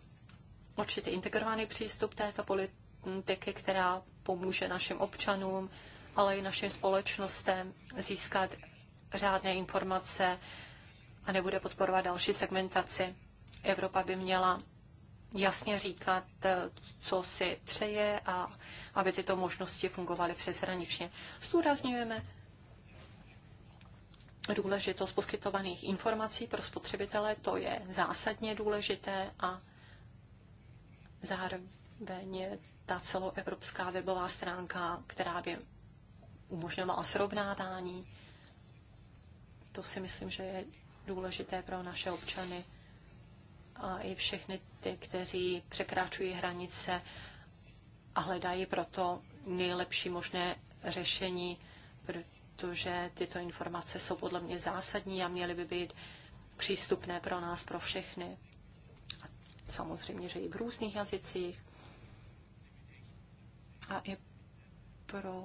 určitý integrovaný přístup této politiky, která pomůže našim občanům, ale i našim společnostem získat řádné informace a nebude podporovat další segmentaci. Evropa by měla jasně říkat, eh, co si přeje a aby tyto možnosti fungovaly přeshraničně. Zdůrazňujeme důležitost poskytovaných informací pro spotřebitele, to je zásadně důležité a zároveň ta celoevropská webová stránka, která by umožňovala srovnávání, to si myslím, že je důležité pro naše občany a i všechny ty, kteří překračují hranice a hledají proto nejlepší možné řešení, protože tyto informace jsou podle mě zásadní a měly by být přístupné pro nás, pro všechny. A samozřejmě, že i v různých jazycích a i pro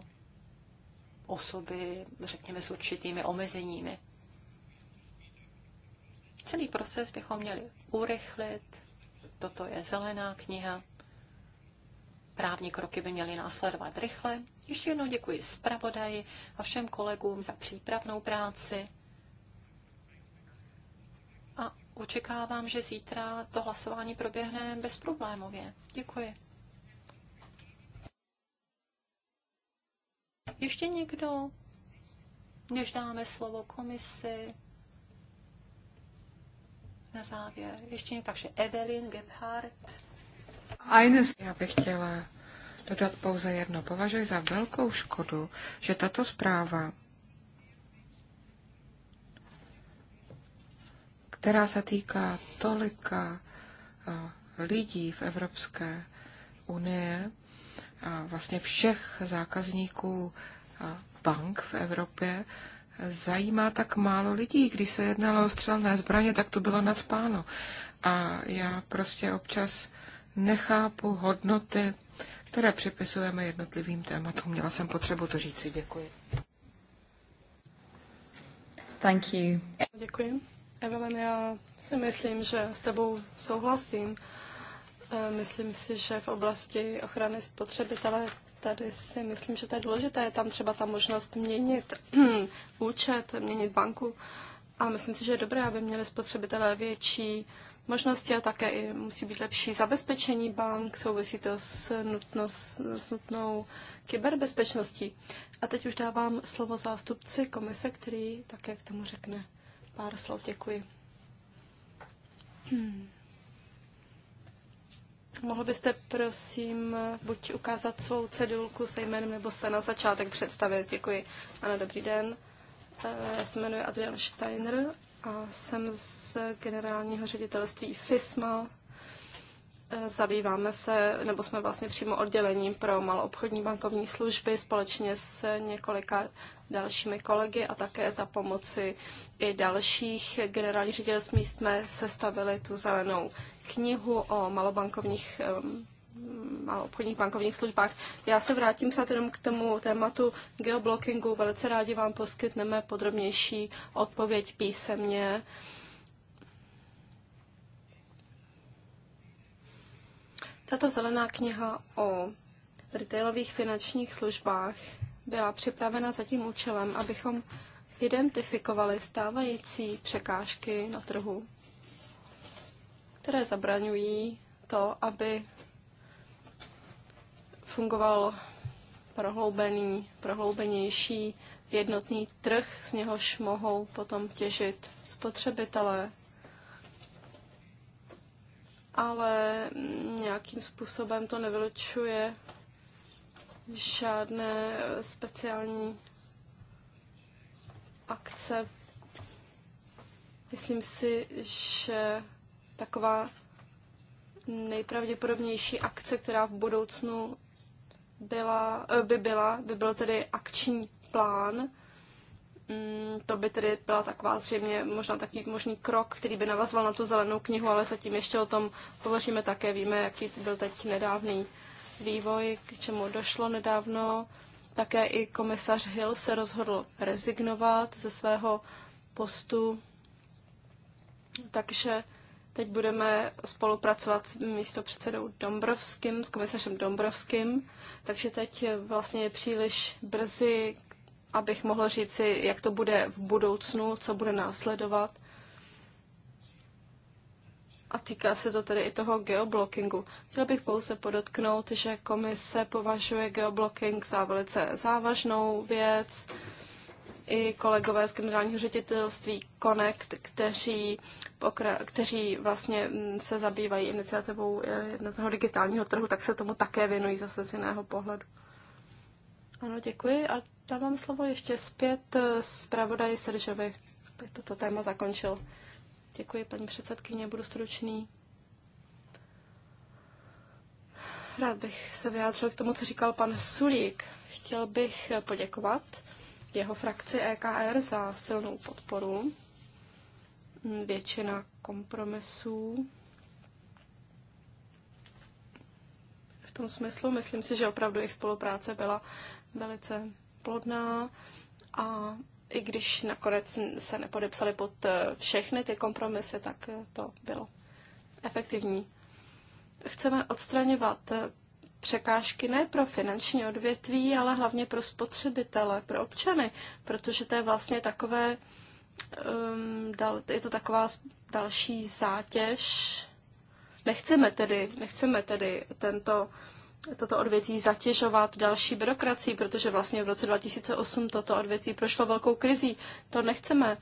osoby, řekněme, s určitými omezeními. Celý proces bychom měli urychlit. Toto je zelená kniha. Právní kroky by měly následovat rychle. Ještě jednou děkuji zpravodaji a všem kolegům za přípravnou práci. A očekávám, že zítra to hlasování proběhne bezproblémově. Děkuji. Ještě někdo, než dáme slovo komisi? na závěr. Ještě takže Evelyn Gebhardt. Eines. Já bych chtěla dodat pouze jedno. Považuji za velkou škodu, že tato zpráva, která se týká tolika eh, lidí v Evropské unie, a eh, vlastně všech zákazníků eh, bank v Evropě, zajímá tak málo lidí. Když se jednalo o střelné zbraně, tak to bylo nadspáno. A já prostě občas nechápu hodnoty, které připisujeme jednotlivým tématům. Měla jsem potřebu to říci. Děkuji. Thank you. Děkuji. Evelyn, já si myslím, že s tebou souhlasím. E, myslím si, že v oblasti ochrany spotřebitele Tady si myslím, že to je důležité. Je tam třeba ta možnost měnit účet, měnit banku. A myslím si, že je dobré, aby měli spotřebitelé větší možnosti a také i musí být lepší zabezpečení bank. Souvisí to s, nutnost, s nutnou kyberbezpečností. A teď už dávám slovo zástupci komise, který také k tomu řekne pár slov. Děkuji. Hmm. Mohl byste prosím buď ukázat svou cedulku se jménem nebo se na začátek představit? Děkuji. Ano, dobrý den. Eh, já se jmenuji Adrian Steiner a jsem z generálního ředitelství FISMA, Zabýváme se, nebo jsme vlastně přímo oddělením pro maloobchodní bankovní služby společně s několika dalšími kolegy a také za pomoci i dalších generálních ředitelství jsme sestavili tu zelenou knihu o malobankovních maloobchodních bankovních službách. Já se vrátím se jenom k tomu tématu geoblockingu. Velice rádi vám poskytneme podrobnější odpověď písemně. Tato zelená kniha o retailových finančních službách byla připravena za tím účelem, abychom identifikovali stávající překážky na trhu, které zabraňují to, aby fungoval prohloubený, prohloubenější jednotný trh, z něhož mohou potom těžit spotřebitelé, ale nějakým způsobem to nevylučuje žádné speciální akce. Myslím si, že taková nejpravděpodobnější akce, která v budoucnu byla, eh, by byla, by byl tedy akční plán, Mm, to by tedy byla taková zřejmě možná takový možný krok, který by navazoval na tu zelenou knihu, ale zatím ještě o tom považíme také. Víme, jaký byl teď nedávný vývoj, k čemu došlo nedávno. Také i komisař Hill se rozhodl rezignovat ze svého postu, takže teď budeme spolupracovat s předsedou Dombrovským, s komisařem Dombrovským, takže teď vlastně je příliš brzy abych mohl říci, jak to bude v budoucnu, co bude následovat. A týká se to tedy i toho geoblockingu. Chtěl bych pouze podotknout, že komise považuje geoblocking za velice závažnou věc. I kolegové z generálního ředitelství Connect, kteří, pokra- kteří vlastně mm, se zabývají iniciativou eh, jednoho digitálního trhu, tak se tomu také věnují zase z jiného pohledu. Ano, děkuji. A dávám slovo ještě zpět eh, zpravodaji Seržovi, aby toto téma zakončil. Děkuji, paní předsedkyně, budu stručný. Rád bych se vyjádřil k tomu, co říkal pan Sulík. Chtěl bych poděkovat jeho frakci EKR za silnou podporu. Většina kompromisů v tom smyslu. Myslím si, že opravdu jejich spolupráce byla velice plodná a i když nakonec se nepodepsali pod eh, všechny ty kompromisy, tak eh, to bylo efektivní. Chceme odstraňovat eh, překážky ne pro finanční odvětví, ale hlavně pro spotřebitele, pro občany, protože to je vlastně takové, um, dal, je to taková další zátěž. Nechceme tedy, nechceme tedy tento toto odvětví zatěžovat další byrokracii, protože vlastně v roce 2008 toto odvětví prošlo velkou krizí. To nechceme.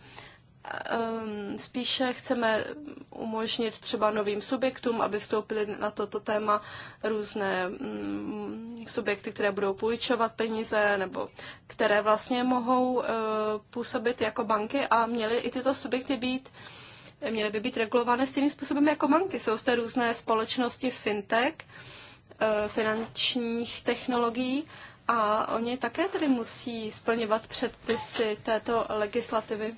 Ehm, spíše chceme umožnit třeba novým subjektům, aby vstoupili na toto téma různé mm, subjekty, které budou půjčovat peníze nebo které vlastně mohou eh, působit jako banky a měly i tyto subjekty být měly by být regulované stejným způsobem jako banky. Jsou zde různé společnosti fintech, Eh, finančních technologií a oni také tedy musí splňovat předpisy této legislativy.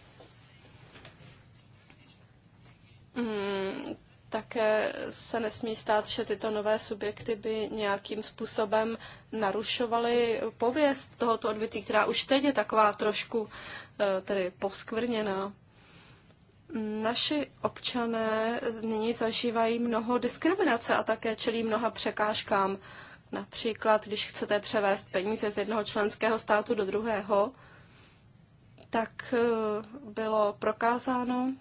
Hmm, také se nesmí stát, že tyto nové subjekty by nějakým způsobem narušovaly pověst tohoto odvětví, která už teď je taková trošku eh, tedy poskvrněná. Naši občané nyní zažívají mnoho diskriminace a také čelí mnoha překážkám. Například, když chcete převést peníze z jednoho členského státu do druhého, tak eh, bylo prokázáno,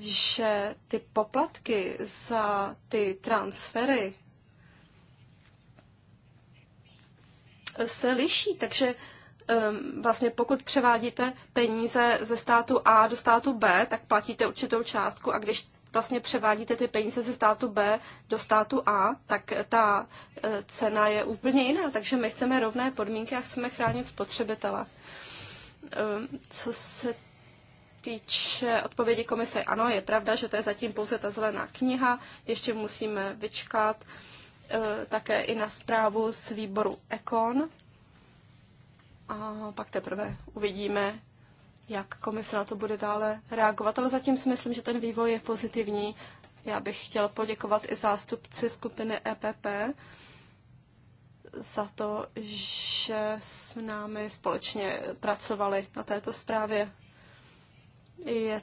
že ty poplatky za ty transfery se liší, takže Ehm, vlastně pokud převádíte peníze ze státu A do státu B, tak platíte určitou částku a když vlastně převádíte ty peníze ze státu B do státu A, tak ta e, cena je úplně jiná. Takže my chceme rovné podmínky a chceme chránit spotřebitele. Ehm, co se týče odpovědi komise, ano, je pravda, že to je zatím pouze ta zelená kniha, ještě musíme vyčkat e, také i na zprávu z výboru Econ, a pak teprve uvidíme, jak komise na to bude dále reagovat, ale zatím si myslím, že ten vývoj je pozitivní. Já bych chtěl poděkovat i zástupci skupiny EPP za to, že s námi společně pracovali na této zprávě. Je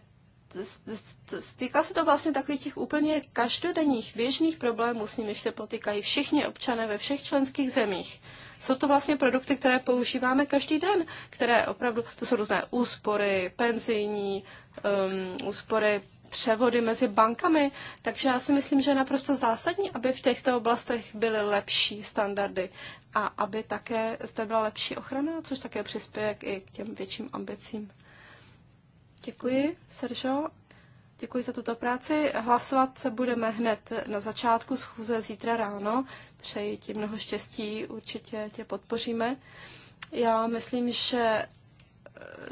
Stýká se to vlastně takových těch úplně každodenních běžných problémů, s nimiž se potýkají všichni občané ve všech členských zemích. Jsou to vlastně produkty, které používáme každý den, které opravdu, to jsou různé úspory, penzijní, um, úspory převody mezi bankami, takže já si myslím, že je naprosto zásadní, aby v těchto oblastech byly lepší standardy a aby také zde byla lepší ochrana, což také přispěje i k těm větším ambicím. Děkuji, Seržo. Děkuji za tuto práci. Hlasovat se budeme hned na začátku schůze zítra ráno. Přeji ti mnoho štěstí, určitě tě podpoříme. Já myslím, že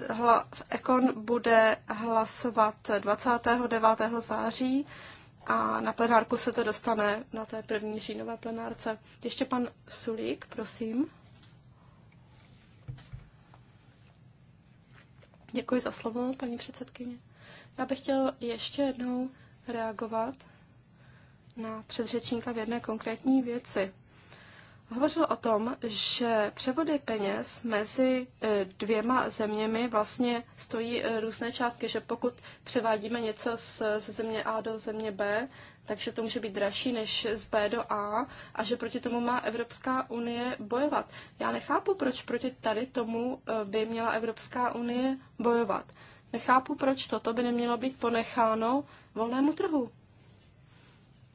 eh, hla, Ekon bude hlasovat 29. září a na plenárku se to dostane na té první říjnové plenárce. Ještě pan Sulík, prosím. Děkuji za slovo, paní předsedkyně. Já bych chtěl ještě jednou reagovat na předřečníka v jedné konkrétní věci. Hovořil o tom, že převody peněz mezi e, dvěma zeměmi vlastně stojí e, různé částky, že pokud převádíme něco z, ze země A do země B, takže to může být dražší než z B do A a že proti tomu má Evropská unie bojovat. Já nechápu, proč proti tady tomu e, by měla Evropská unie bojovat. Nechápu, proč toto by nemělo být ponecháno volnému trhu.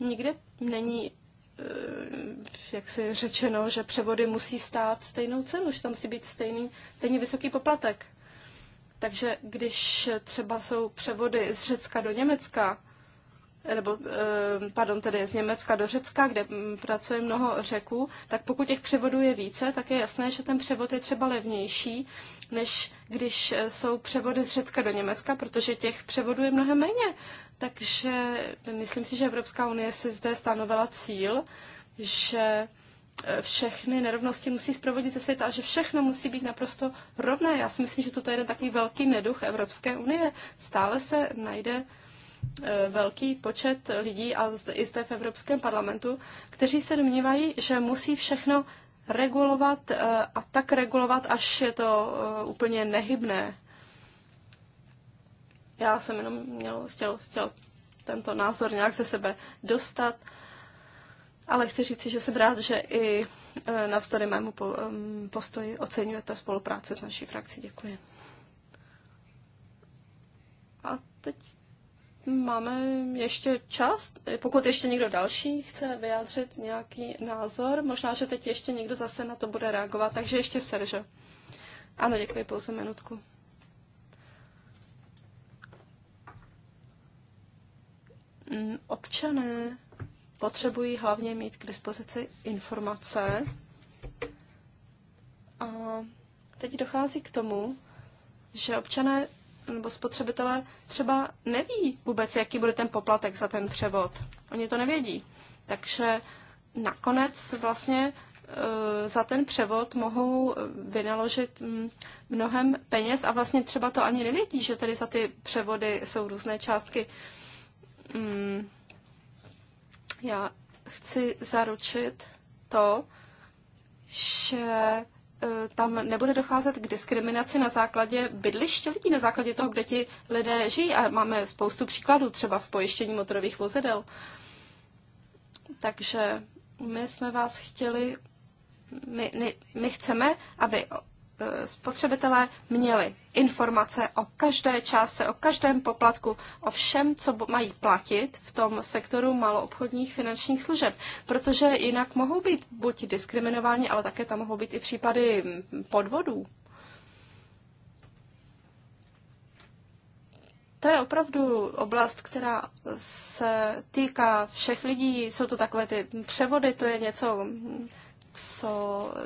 Nikde není eh, jak si řečeno, že převody musí stát stejnou cenu, že tam musí být stejný, stejný vysoký poplatek. Takže když třeba jsou převody z Řecka do Německa, Eh, nebo eh, pardon, tedy z Německa do Řecka, kde mm, pracuje mnoho řeků, tak pokud těch převodů je více, tak je jasné, že ten převod je třeba levnější, než když eh, jsou převody z Řecka do Německa, protože těch převodů je mnohem méně. Takže myslím si, že Evropská unie si zde stanovila cíl, že všechny nerovnosti musí zprovodit ze světa a že všechno musí být naprosto rovné. Já si myslím, že to je jeden takový velký neduch Evropské unie. Stále se najde Eh, velký počet lidí, a i zde v Evropském parlamentu, kteří se domnívají, že musí všechno regulovat eh, a tak regulovat, až je to eh, úplně nehybné. Já jsem jenom měl, chtěl, chtěl tento názor nějak ze sebe dostat, ale chci říct, že jsem rád, že i navzdory mému postoji oceňujete spolupráce s naší frakcí. Děkuji. A teď Máme ještě čas, pokud ještě někdo další chce vyjádřit nějaký názor. Možná, že teď ještě někdo zase na to bude reagovat, takže ještě Serže. Ano, děkuji, pouze minutku. Mm, občané potřebují hlavně mít k dispozici informace. A teď dochází k tomu, že občané nebo spotřebitelé třeba neví vůbec, jaký bude ten poplatek za ten převod. Oni to nevědí. Takže nakonec vlastně e, za ten převod mohou e, vynaložit mm, mnohem peněz a vlastně třeba to ani nevědí, že tady za ty převody jsou různé částky. Mm, já chci zaručit to, že E, tam nebude docházet k diskriminaci na základě bydliště lidí, na základě toho, kde ti lidé žijí. A máme spoustu příkladů, třeba v pojištění motorových vozidel. Takže my jsme vás chtěli, my, my, my chceme, aby Eh, spotřebitelé měli informace o každé částce, o každém poplatku, o všem, co mají platit v tom sektoru maloobchodních finančních služeb, protože jinak mohou být buď diskriminováni, ale také tam mohou být i případy mm, podvodů. To je opravdu oblast, která se týká všech lidí. Jsou to takové ty převody, to je něco, mm, co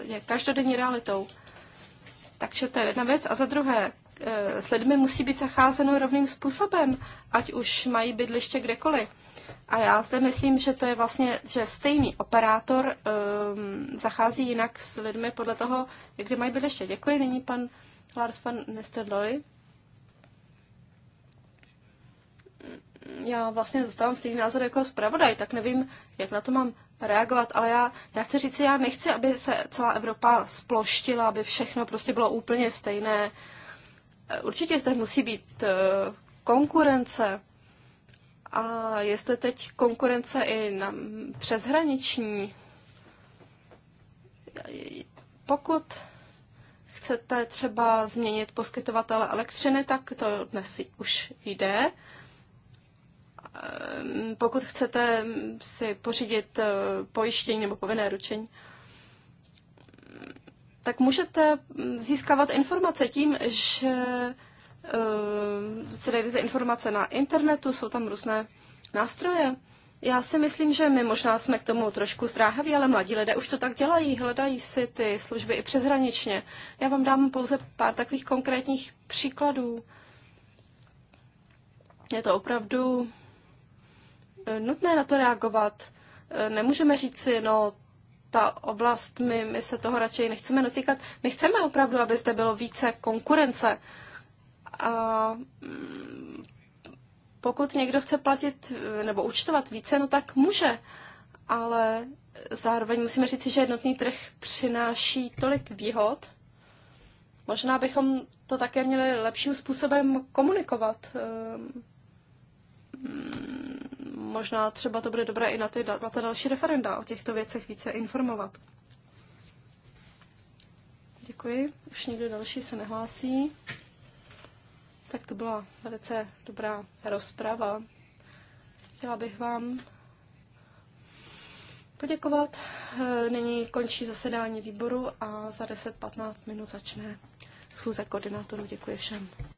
je každodenní realitou. Takže to je jedna věc. A za druhé, eh, s lidmi musí být zacházeno rovným způsobem, ať už mají bydliště kdekoliv. A já zde myslím, že to je vlastně, že stejný operátor um, zachází jinak s lidmi podle toho, kde mají bydliště. Děkuji. Nyní pan Lars van Nestedloy. já vlastně zastávám stejný názor jako zpravodaj, tak nevím, jak na to mám reagovat, ale já, já chci říct, já nechci, aby se celá Evropa sploštila, aby všechno prostě bylo úplně stejné. Eh, určitě zde musí být eh, konkurence. A jestli teď konkurence i na, přeshraniční, pokud chcete třeba změnit poskytovatele elektřiny, tak to dnes už jde. Ehm, pokud chcete si pořídit eh, pojištění nebo povinné ručení, tak můžete získávat informace tím, že eh, si najdete informace na internetu, jsou tam různé nástroje. Já si myslím, že my možná jsme k tomu trošku zdráhaví, ale mladí lidé už to tak dělají, hledají si ty služby i přeshraničně. Já vám dám pouze pár takových konkrétních příkladů. Je to opravdu Eh, nutné na to reagovat. Eh, nemůžeme říct si, no, ta oblast, my, my se toho radši nechceme dotýkat. My chceme opravdu, aby zde bylo více konkurence. A mm, pokud někdo chce platit eh, nebo účtovat více, no tak může. Ale zároveň musíme říct, že jednotný trh přináší tolik výhod. Možná bychom to také měli lepším způsobem komunikovat. Ehm, mm, možná třeba to bude dobré i na, ty, na ta další referenda o těchto věcech více informovat. Děkuji. Už nikdo další se nehlásí. Tak to byla velice dobrá rozprava. Chtěla bych vám poděkovat. Eh, Nyní končí zasedání výboru a za 10-15 minut začne schůze koordinátorů. Děkuji všem.